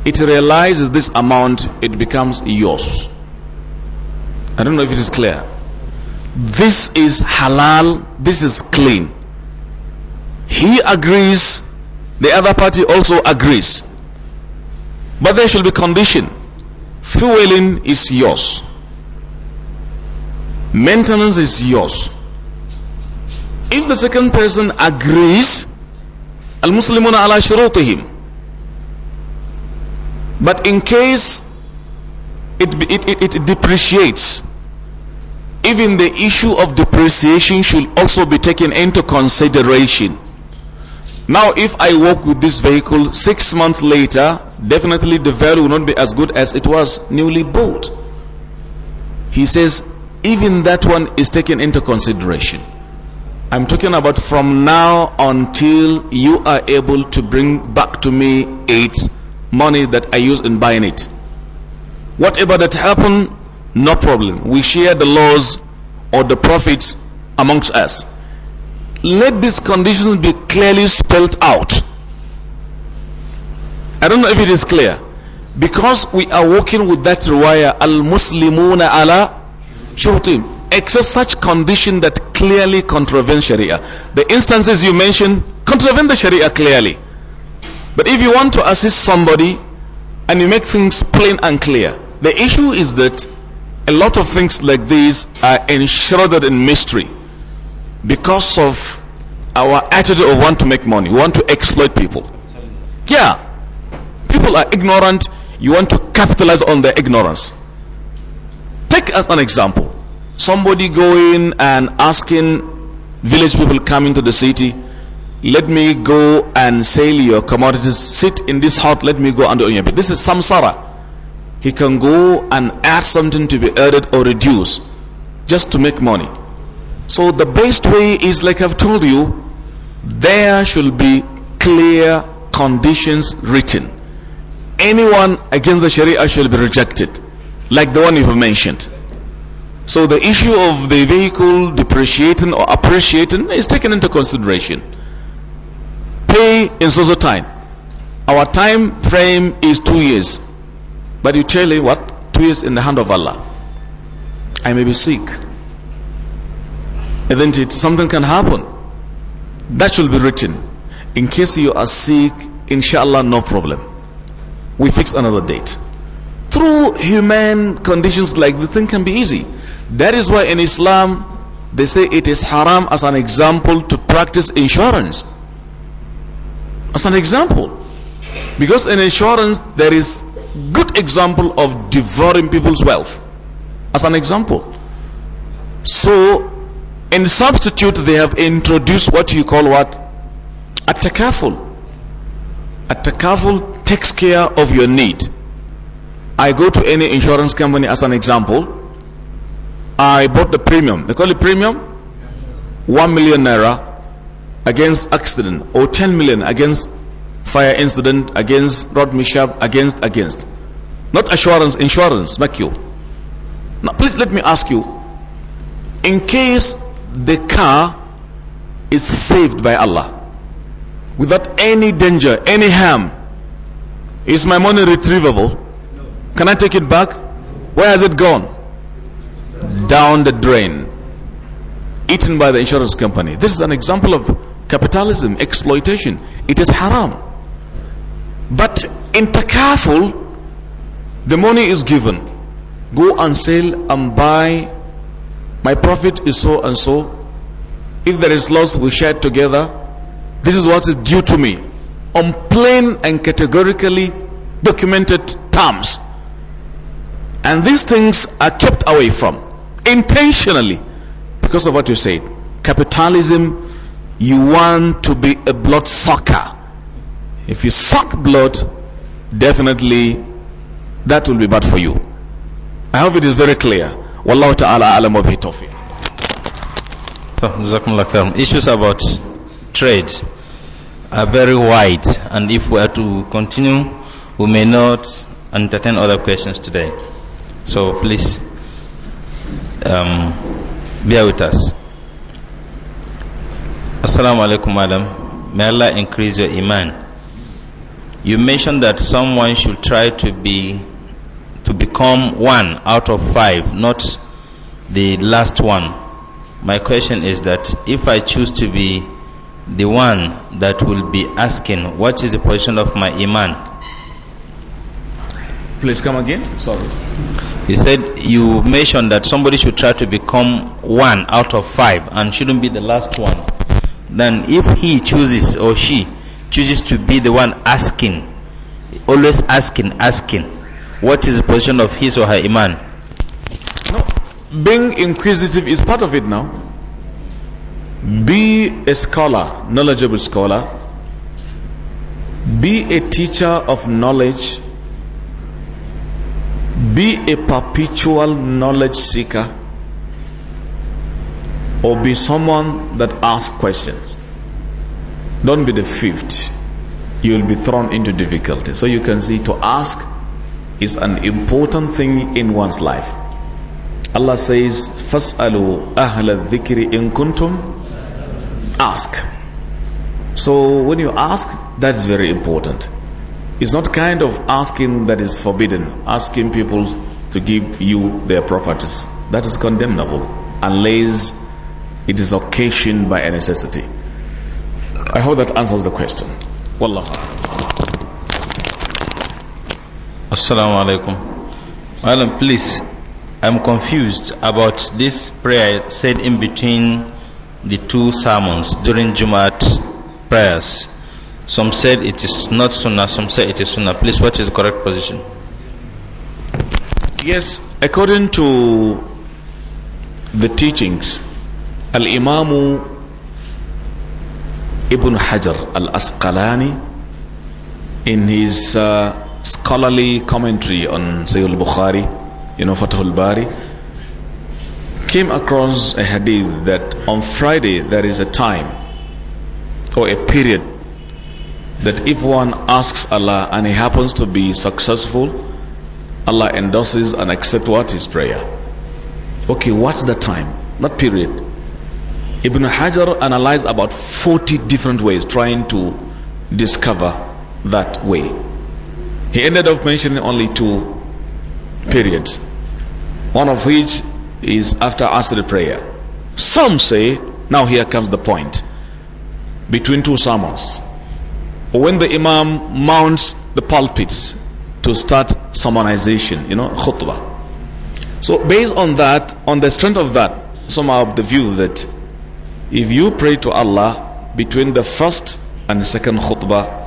it realizes this amount, it becomes yours. I don't know if it is clear. This is halal, this is clean. He agrees, the other party also agrees. But there should be condition. Fueling is yours. Maintenance is yours. If the second person agrees, al Muslimuna ala shurutihim. But in case it, it, it, it depreciates, even the issue of depreciation should also be taken into consideration. Now, if I work with this vehicle six months later, definitely the value will not be as good as it was newly bought. He says, even that one is taken into consideration. I'm talking about from now until you are able to bring back to me its money that I used in buying it. Whatever that happened, no problem. We share the loss or the profits amongst us. Let these conditions be clearly spelled out. I don't know if it is clear. Because we are working with that riwayah, al-muslimuna ala shuhtim except such condition that clearly contravene Sharia. The instances you mentioned contravene the Sharia clearly. But if you want to assist somebody and you make things plain and clear, the issue is that a lot of things like these are enshrouded in mystery because of our attitude of want to make money, want to exploit people. Yeah, people are ignorant. You want to capitalize on their ignorance. Take as an example somebody going and asking village people coming to the city, let me go and sell your commodities, sit in this hut, let me go and do This is samsara. He can go and add something to be added or reduced just to make money. So the best way is like I've told you, there should be clear conditions written. Anyone against the Sharia shall be rejected, like the one you've mentioned. So the issue of the vehicle depreciating or appreciating is taken into consideration. Pay in social time. Our time frame is two years. But you tell me what? Two years in the hand of Allah. I may be sick. Isn't it? Something can happen. That should be written. In case you are sick, inshallah, no problem. We fix another date. Through human conditions like this, thing can be easy. That is why in Islam, they say it is haram as an example to practice insurance. As an example. Because in insurance, there is good example of devouring people's wealth. As an example. So, in substitute, they have introduced what you call what? At takaful. At takaful takes care of your need. I go to any insurance company as an example I bought the premium. They call it premium? One million naira against accident or 10 million against fire incident, against road mishap, against, against. Not assurance, insurance, make you. Now, please let me ask you, in case the car is saved by Allah, without any danger, any harm, is my money retrievable? Can I take it back? Where has it gone? down the drain, eaten by the insurance company. This is an example of capitalism, exploitation. It is haram. But in takaful, the money is given. Go and sell and buy. My profit is so and so. If there is loss, we share together. This is what is due to me. On plain and categorically documented terms. And these things are kept away from intentionally because of what you said. Capitalism, you want to be a blood sucker. If you suck blood, definitely that will be bad for you. I hope it is very clear. Wallahu ta'ala alam Issues about trade are very wide and if we are to continue, we may not entertain other questions today. So please um, bear with us. Assalamu alaikum, madam. May Allah increase your iman. You mentioned that someone should try to be to become one out of five, not the last one. My question is that if I choose to be the one that will be asking, what is the position of my iman? Please come again. Sorry. He said, You mentioned that somebody should try to become one out of five and shouldn't be the last one. Then, if he chooses or she chooses to be the one asking, always asking, asking, what is the position of his or her Iman? No, being inquisitive is part of it now. Be a scholar, knowledgeable scholar. Be a teacher of knowledge be a perpetual knowledge seeker or be someone that asks questions. Don't be the fifth. You will be thrown into difficulty. So you can see to ask is an important thing in one's life. Allah says, فَاسْأَلُوا أَهْلَ dhikri in kuntum." Ask. So when you ask, that's very important. It's not kind of asking that is forbidden, asking people to give you their properties. That is condemnable unless it is occasioned by a necessity. I hope that answers the question. Wallah. Assalamu alaikum. Madam, please, I'm confused about this prayer said in between the two sermons during Jumat prayers. Some said it is not sunnah, some said it is sunnah. Please, what is the correct position? Yes, according to the teachings, Al Imam Ibn Hajar Al Asqalani, in his uh, scholarly commentary on Sayyid Al Bukhari, you know, Fatahul Bari, came across a hadith that on Friday there is a time or a period that if one asks Allah and he happens to be successful, Allah endorses and accepts what his prayer. Okay, what's the time? That period. Ibn Hajar analyzed about 40 different ways trying to discover that way. He ended up mentioning only two periods, one of which is after Asr prayer. Some say, now here comes the point, between two sermons when the imam mounts the pulpit to start sermonization, you know, khutbah. So based on that, on the strength of that, some are of the view that if you pray to Allah between the first and the second khutbah,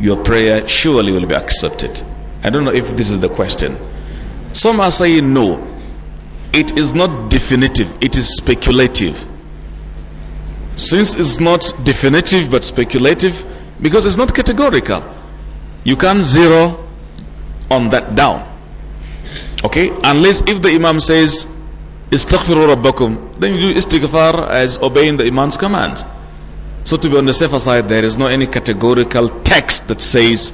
your prayer surely will be accepted. I don't know if this is the question. Some are saying no. It is not definitive, it is speculative. Since it's not definitive but speculative, because it's not categorical. You can't zero on that down. Okay? Unless if the Imam says, Istaghfiru Rabbakum, then you do istighfar as obeying the Imam's command. So to be on the safer side, there is no any categorical text that says,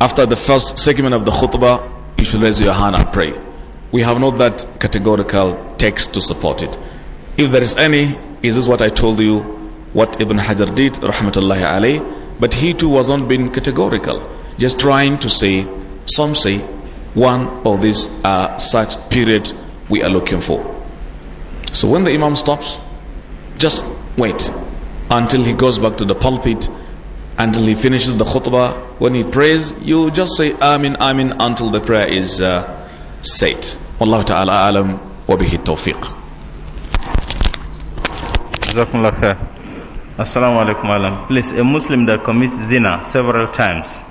after the first segment of the khutbah, you should raise your hand and pray. We have not that categorical text to support it. If there is any, is this what I told you, what Ibn Hajar did, rahmatullahi alayh, but he too was not being categorical, just trying to say, some say, one of these are such period we are looking for. So when the Imam stops, just wait until he goes back to the pulpit, until he finishes the khutbah. When he prays, you just say Amin, Amin until the prayer is uh, said. Wallahu ta'ala alam wa bihi tawfiq. Assalamu alaikum alam. Please, a Muslim that commits zina several times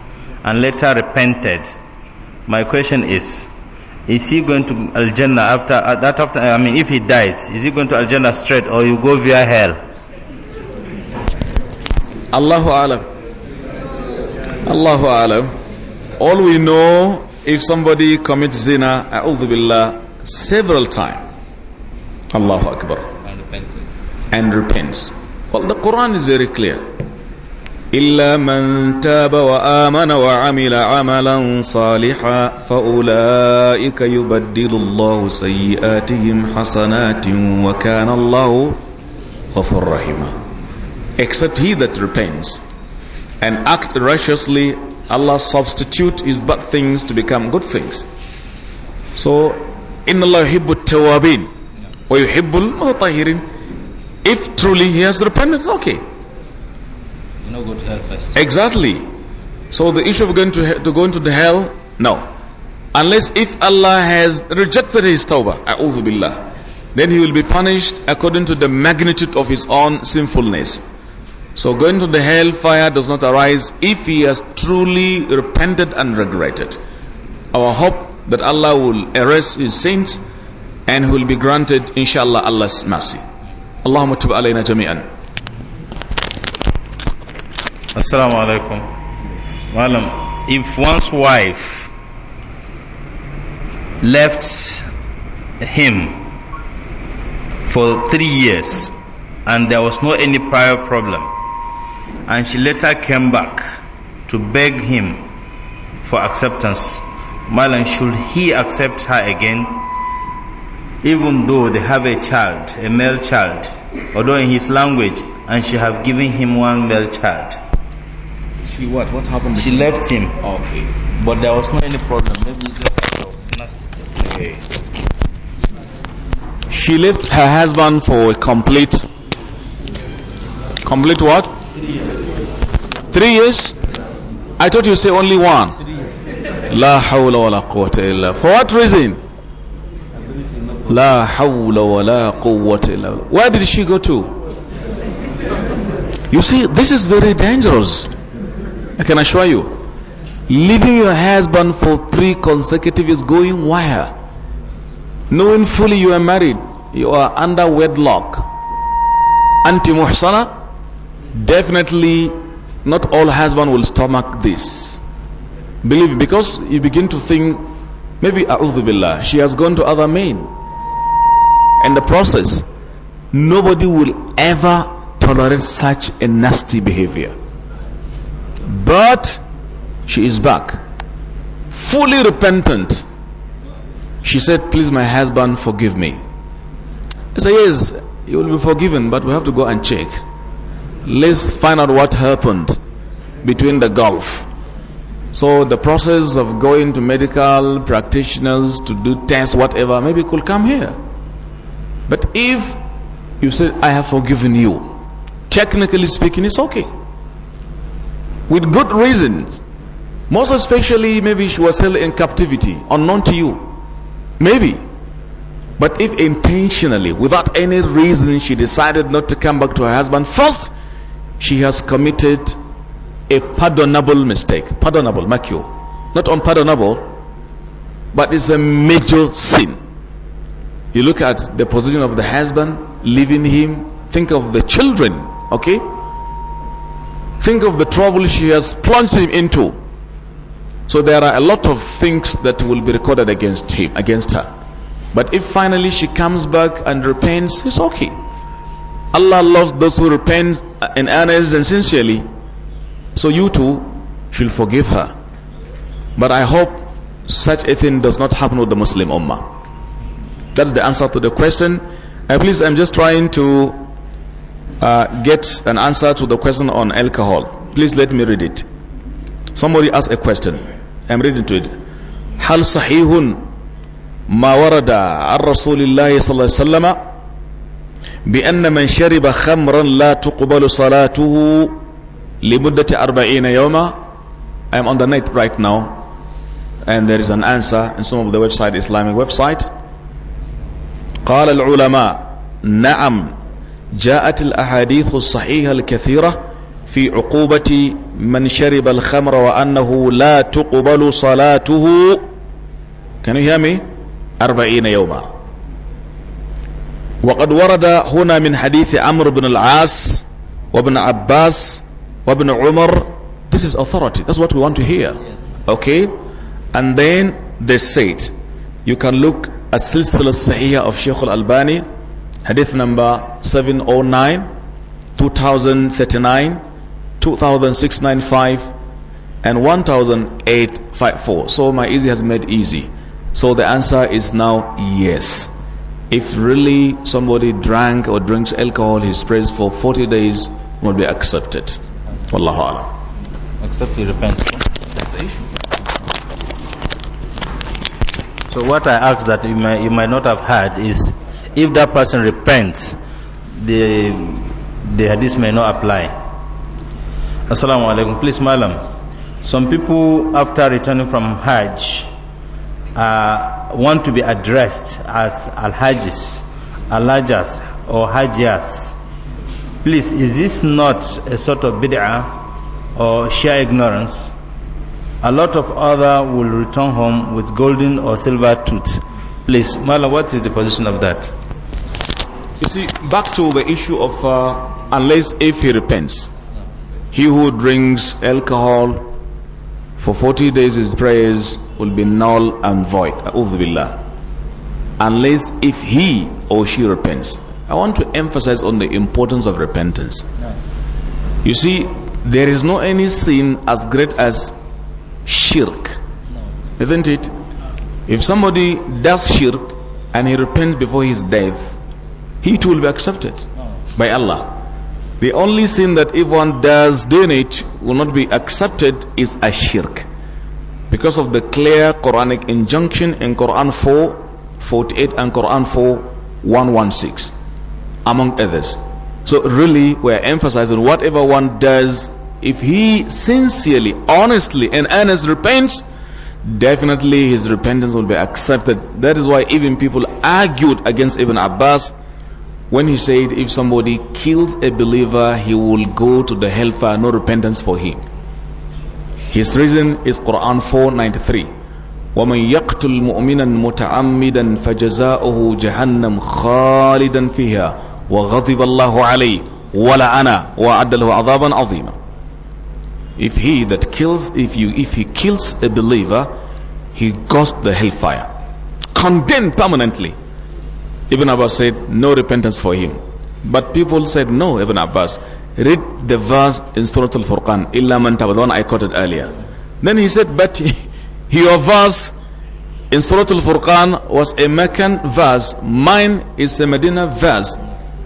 and later repented. My question is, is he going to Al Jannah after uh, that? After I mean, if he dies, is he going to Al Jannah straight or you go via hell? Allahu alam. Allahu alam. All we know, if somebody commits zina, a'udhu billah, several times, Allahu akbar, and repents. And repents. Well, the Quran is very clear. إلا من تاب وآمن وعمل عملا صالحا فأولئك يبدل الله سيئاتهم حسنات وكان الله غَفُرْ رَحِمًا Except he that repents and act righteously, Allah substitute his bad things to become good things. So, إن الله يحب التوابين ويحب المطهرين If truly he has repented, okay. know, go to hell first. Exactly. So the issue of going to, to go into the hell, no. Unless if Allah has rejected his tawbah, a'udhu billah, then he will be punished according to the magnitude of his own sinfulness. So going to the hellfire does not arise if he has truly repented and regretted. Our hope that Allah will erase his sins and will be granted, inshallah, Allah's mercy. اللهم تب علينا جميعا Assalamu alaikum. Malam, if one's wife left him for three years and there was no any prior problem, and she later came back to beg him for acceptance, Malam, should he accept her again, even though they have a child, a male child? although in his language, and she have given him one male child. She what? What happened? She left him. Oh, okay. But there was no any problem. Maybe just Okay. She left her husband for a complete, complete what? Three years. Three years? I thought you say only one. La hawla wa la quwwata illa. For what reason? La hawla wa la quwwata illa Where did she go to? You see, this is very dangerous. I can assure you. Leaving your husband for three consecutive is going wire. Knowing fully you are married, you are under wedlock. Anti muhsana, definitely not all husband will stomach this. Believe because you begin to think, maybe, a'udhu billah, she has gone to other men in the process, nobody will ever tolerate such a nasty behavior. But she is back, fully repentant. She said, Please, my husband, forgive me. I said, Yes, you will be forgiven, but we have to go and check. Let's find out what happened between the gulf. So the process of going to medical practitioners to do tests, whatever, maybe could come here. But if you say, I have forgiven you, technically speaking, it's okay. With good reasons. Most especially, maybe she was still in captivity, unknown to you. Maybe. But if intentionally, without any reason, she decided not to come back to her husband, first, she has committed a pardonable mistake. Pardonable, mark you. Not unpardonable, but it's a major sin. You look at the position of the husband, leaving him. Think of the children, okay? Think of the trouble she has plunged him into. So there are a lot of things that will be recorded against him, against her. But if finally she comes back and repents, it's okay. Allah loves those who repent in earnest and sincerely. So you too should forgive her. But I hope such a thing does not happen with the Muslim Ummah. That's the answer to the question. And please, I'm just trying to uh, get an answer to the question on alcohol. Please let me read it. Somebody asked a question. I'm reading to it. هل صحيح ما ورد عن رسول الله صلى الله عليه وسلم بأن من شرب خمرا لا تقبل صلاته لمدة أربعين يوما I'm on the net right now and there is an answer in some of the website Islamic website قال العلماء نعم جاءت الأحاديث الصحيحة الكثيرة في عقوبة من شرب الخمر وأنه لا تقبل صلاته كان يهمي أربعين يوما وقد ورد هنا من حديث عمرو بن العاص وابن عباس وابن عمر this is authority that's what we want to hear okay and then they said you can look As-Silsila of Sheikh Al-Albani, hadith number 709, 2039, 2695, and 1854. So my easy has made easy. So the answer is now yes. If really somebody drank or drinks alcohol, his prayers for 40 days will be accepted. Wallahu alam. Except he repents. That's the issue. So what I ask that you might, you might not have heard is if that person repents, the, the hadith may not apply. Assalamu alaikum. Please, madam. Some people, after returning from Hajj, uh, want to be addressed as Al hajis, Al Hajjas, or Hajjas. Please, is this not a sort of bid'ah or sheer ignorance? A lot of other will return home with golden or silver tooth. Please, Mala, what is the position of that? You see, back to the issue of uh, unless if he repents, he who drinks alcohol for 40 days his prayers will be null and void. Unless if he or she repents. I want to emphasize on the importance of repentance. You see, there is no any sin as great as shirk. Isn't it? If somebody does shirk and he repents before his death, he too will be accepted by Allah. The only sin that if one does doing it will not be accepted is a shirk. Because of the clear Quranic injunction in Quran 4 48 and Quran 4 116, among others. So, really, we're emphasizing whatever one does if he sincerely, honestly, and earnestly repents, definitely his repentance will be accepted. That is why even people argued against Ibn Abbas when he said, if somebody kills a believer, he will go to the hellfire, no repentance for him. His reason is Quran 493. ومن يقتل مؤمنا متعمدا فجزاؤه جهنم خالدا فيها وغضب الله عليه ولعنه وأعد له عذابا عظيما if he that kills if you if he kills a believer he goes to the hellfire condemned permanently ibn abbas said no repentance for him but people said no ibn abbas read the verse in surah al-furqan illa man taba the one i quoted earlier then he said but your verse in surah al-furqan was a meccan verse mine is a medina verse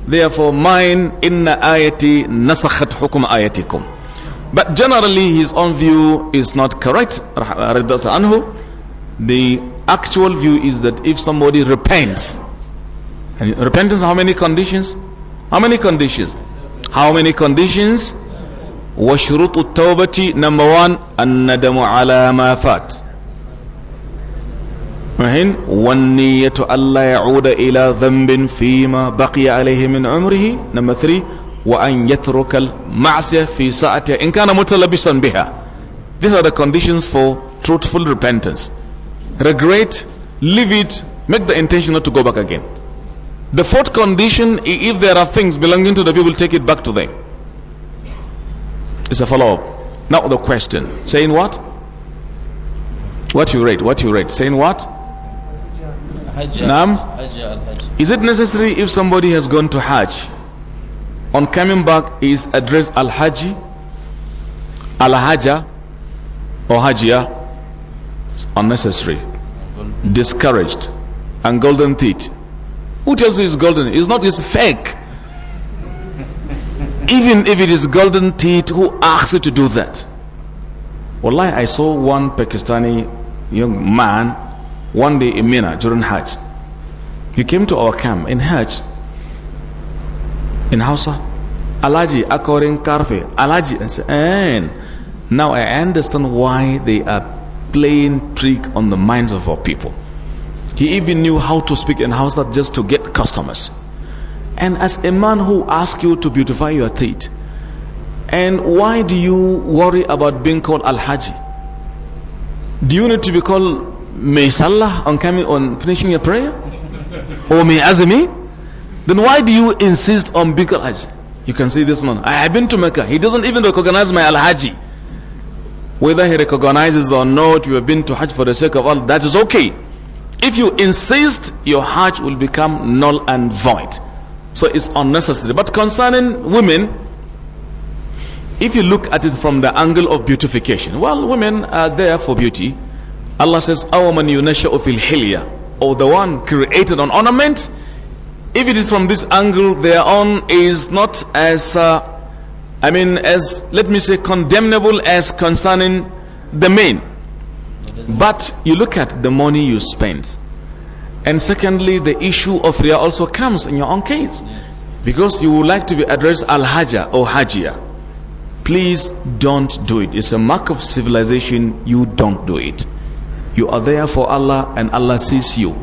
therefore mine inna ayati nasakhat hukum ayatikum but generally, his own view is not correct. Anhu, the actual view is that if somebody repents, and repentance, how many conditions? How many conditions? How many conditions? وشروط التوبة number one الندم على ما فات فهين والنية ألا يعود إلى ذنب فيما بقي عليه من عمره number three these are the conditions for truthful repentance. Regret, leave it, make the intention not to go back again. The fourth condition, if there are things belonging to the people, take it back to them. It's a follow up. Now the question, saying what? What you read, what you read, saying what? Hajj. Nam? Hajj. Is it necessary if somebody has gone to Hajj on coming back is addressed Al Haji, Al Hajja, or Hajia. It's unnecessary, discouraged, and golden teeth. Who tells you it's golden? It's not, it's fake. Even if it is golden teeth, who asks you to do that? like I saw one Pakistani young man one day in Mina during Hajj. He came to our camp in Hajj in Hausa, Alaji according Karfe, Alaji. And, so, and now I understand why they are playing trick on the minds of our people. He even knew how to speak in Hausa just to get customers. And as a man who asks you to beautify your teeth, and why do you worry about being called Al-Haji? Do you need to be called May Salah on coming on finishing your prayer? Or May Azmi? Then why do you insist on big Hajj? You can see this man. I have been to Mecca. He doesn't even recognize my Al Hajj. Whether he recognizes or not, you have been to Hajj for the sake of Allah. That is okay. If you insist, your Hajj will become null and void. So it's unnecessary. But concerning women, if you look at it from the angle of beautification, well, women are there for beauty. Allah says, a yunasha'u fil hilya," or the one created on ornament if it is from this angle own is not as uh, I mean as let me say condemnable as concerning the main. but you look at the money you spend and secondly the issue of riyah also comes in your own case because you would like to be addressed al-hajja or hajia please don't do it it's a mark of civilization you don't do it you are there for Allah and Allah sees you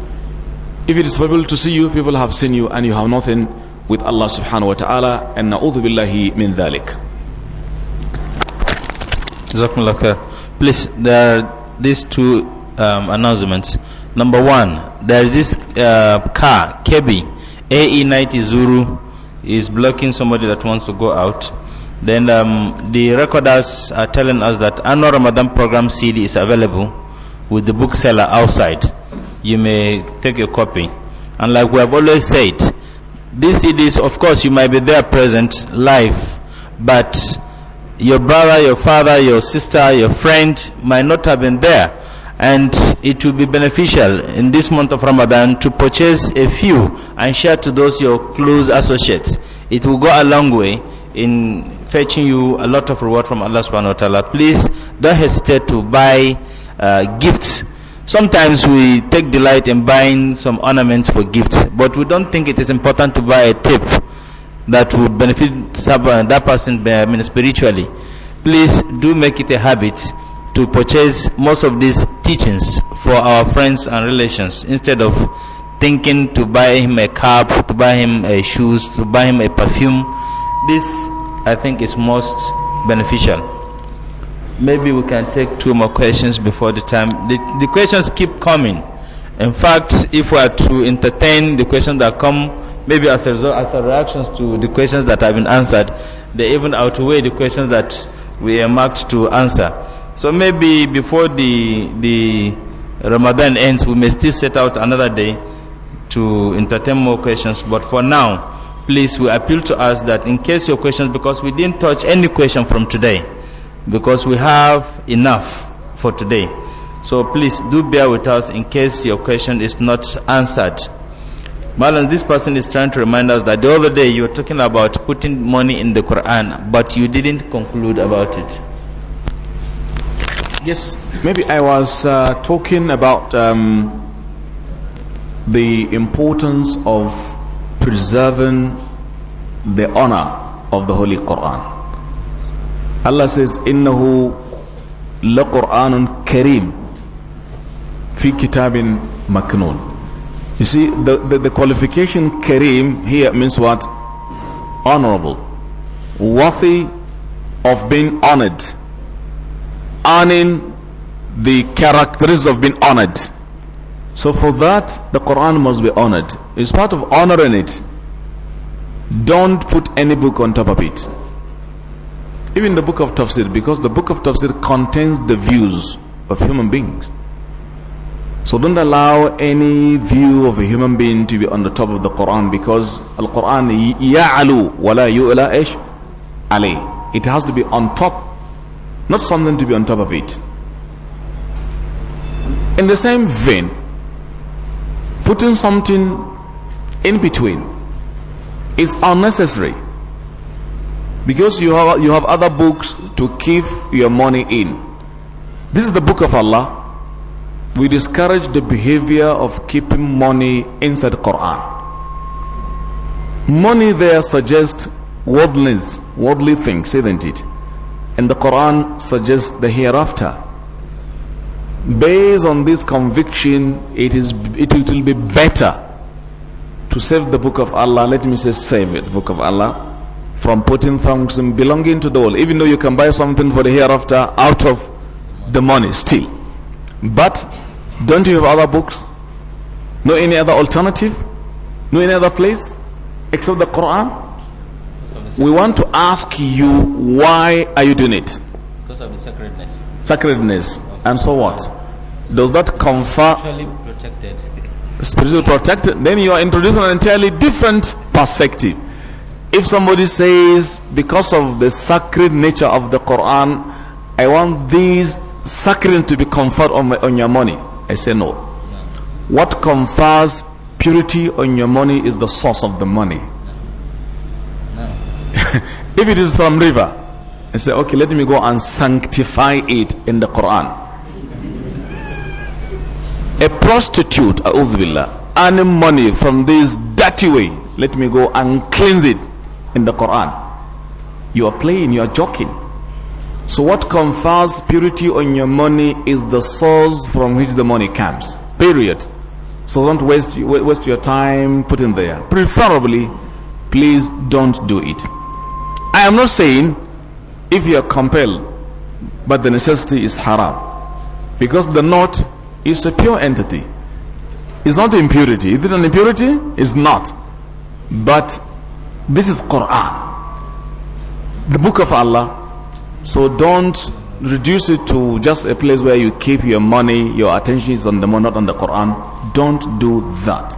if it is possible to see you, people have seen you and you have nothing with Allah subhanahu wa ta'ala and na'udhu billahi min dhalik. Please, there are these two um, announcements. Number one, there is this uh, car, Kebi, AE90 Zuru, is blocking somebody that wants to go out. Then um, the recorders are telling us that annual Ramadan program CD is available with the bookseller outside you may take a copy. And like we have always said, these CDs, of course, you might be there present live, but your brother, your father, your sister, your friend might not have been there. And it will be beneficial in this month of Ramadan to purchase a few and share to those your close associates. It will go a long way in fetching you a lot of reward from Allah subhanahu wa ta'ala. Please don't hesitate to buy uh, gifts Sometimes we take delight in buying some ornaments for gifts, but we don't think it is important to buy a tip that would benefit uh, that person uh, I mean, spiritually. Please do make it a habit to purchase most of these teachings for our friends and relations instead of thinking to buy him a cap, to buy him a shoes, to buy him a perfume. This, I think, is most beneficial maybe we can take two more questions before the time. The, the questions keep coming. In fact, if we are to entertain the questions that come, maybe as a result, as a reactions to the questions that have been answered, they even outweigh the questions that we are marked to answer. So maybe before the the Ramadan ends, we may still set out another day to entertain more questions. But for now, please, we appeal to us that in case your questions, because we didn't touch any question from today because we have enough for today. So please do bear with us in case your question is not answered. Malan, this person is trying to remind us that the other day you were talking about putting money in the Quran, but you didn't conclude about it. Yes, maybe I was uh, talking about um, the importance of preserving the honor of the Holy Quran. Allah says, Innahu la quran Kareem fi kitabin maknun. You see, the, the, the qualification Kareem here means what? Honorable, worthy of being honored, earning the characteristics of being honored. So for that, the Quran must be honored. It's part of honoring it. Don't put any book on top of it. Even the book of Tafsir, because the book of Tafsir contains the views of human beings. So don't allow any view of a human being to be on the top of the Quran because Al Quran ya'alu wala yu'la ish ali. It has to be on top, not something to be on top of it. In the same vein, putting something in between is unnecessary because you have, you have other books to keep your money in. This is the book of Allah. We discourage the behavior of keeping money inside the Quran. Money there suggests worldliness, worldly things, isn't it? And the Quran suggests the hereafter. Based on this conviction, it is it will be better to save the book of Allah. Let me say save it, book of Allah from putting things belonging to the world, even though you can buy something for the hereafter out of the money still. But don't you have other books? No any other alternative? No any other place except the Quran? We want to ask you why are you doing it? Because of the sacredness. Sacredness. And so what? Does that confer spiritually protected? Spiritually protected, then you are introducing an entirely different perspective. If somebody says, because of the sacred nature of the Quran, I want these sacred to be conferred on, my, on your money, I say no. What confers purity on your money is the source of the money. if it is from river, I say, okay, let me go and sanctify it in the Quran. A prostitute, billah, earning money from this dirty way, let me go and cleanse it in the Quran. You are playing, you are joking. So what confers purity on your money is the source from which the money comes. Period. So don't waste, waste your time putting there. Preferably, please don't do it. I am not saying if you are compelled, but the necessity is haram. Because the note is a pure entity. It's not impurity. Is it an impurity? It's not. But this is Quran, the book of Allah. So don't reduce it to just a place where you keep your money, your attention is on the not on the Quran. Don't do that.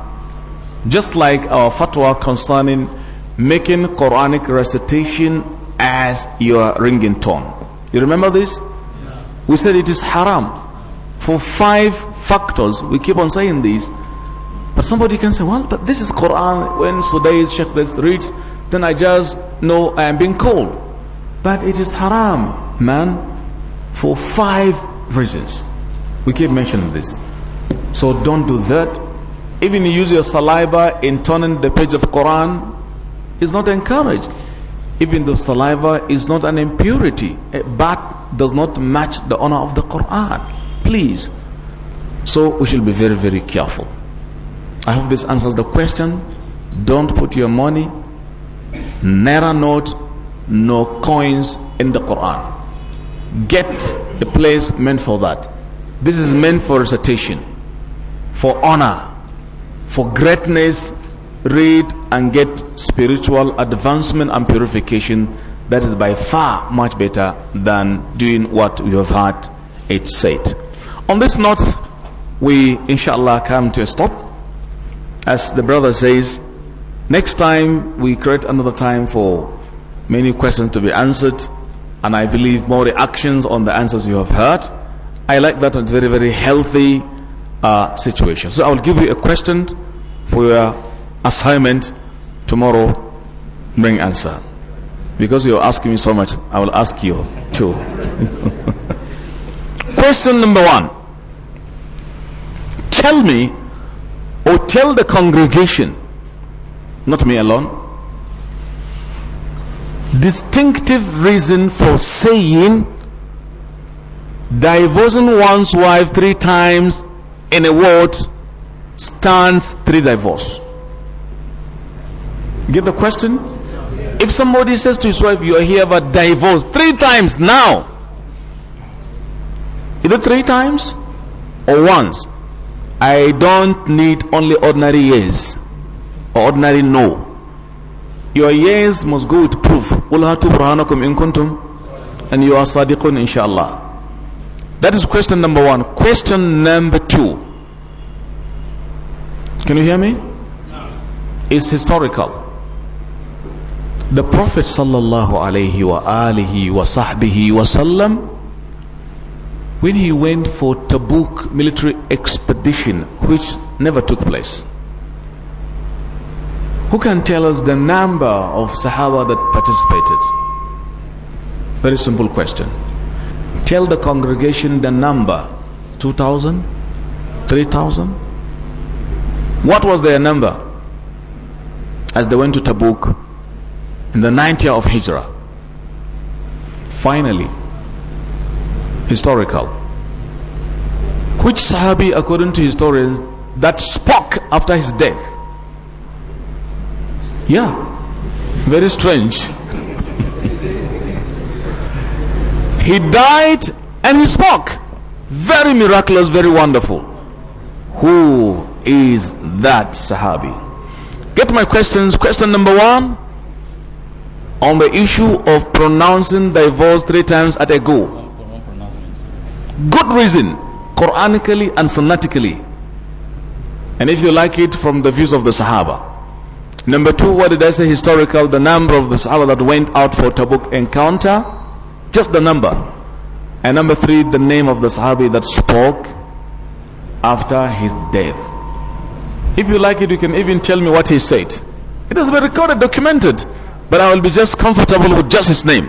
Just like our fatwa concerning making Quranic recitation as your ringing tone. You remember this? We said it is haram for five factors. We keep on saying these. But somebody can say, well, but this is Quran. When Sudais Sheikh Zayd reads, then I just know I am being called. But it is haram, man, for five reasons. We keep mentioning this. So don't do that. Even you use your saliva in turning the page of Quran is not encouraged. Even the saliva is not an impurity, eh, but does not match the honor of the Quran. Please. So we should be very, very careful. I hope this answers the question. Don't put your money, naira note, no coins in the Quran. Get the place meant for that. This is meant for recitation, for honor, for greatness. Read and get spiritual advancement and purification. That is by far much better than doing what we have heard it said. On this note, we inshallah come to a stop. As the brother says, next time we create another time for many questions to be answered, and I believe more reactions on the answers you have heard. I like that it's very, very healthy uh, situation. So I will give you a question for your assignment tomorrow. Bring answer. Because you're asking me so much, I will ask you too. question number one. Tell me or tell the congregation, not me alone, distinctive reason for saying divorcing one's wife three times in a word stands three divorce. get the question? If somebody says to his wife, You are here but divorce three times now, either three times or once, I don't need only ordinary yes or ordinary no. Your yes must go with proof. And you are sadiqun inshallah. That is question number one. Question number two. Can you hear me? It's historical. The Prophet sallallahu alayhi wa alihi wa sahbihi wa sallam when he went for Tabuk military expedition, which never took place. Who can tell us the number of Sahaba that participated? Very simple question. Tell the congregation the number 2,000? 3,000? What was their number as they went to Tabuk in the ninth year of Hijrah? Finally, historical. Which Sahabi, according to historians, that spoke after his death? Yeah, very strange. he died and he spoke. Very miraculous, very wonderful. Who is that Sahabi? Get my questions. Question number one on the issue of pronouncing divorce three times at a go good reason, Quranically and Sunnatically. And if you like it, from the views of the Sahaba. Number two, what did I say historical? The number of the Sahaba that went out for Tabuk encounter, just the number. And number three, the name of the Sahabi that spoke after his death. If you like it, you can even tell me what he said. It has been recorded, documented, but I will be just comfortable with just his name.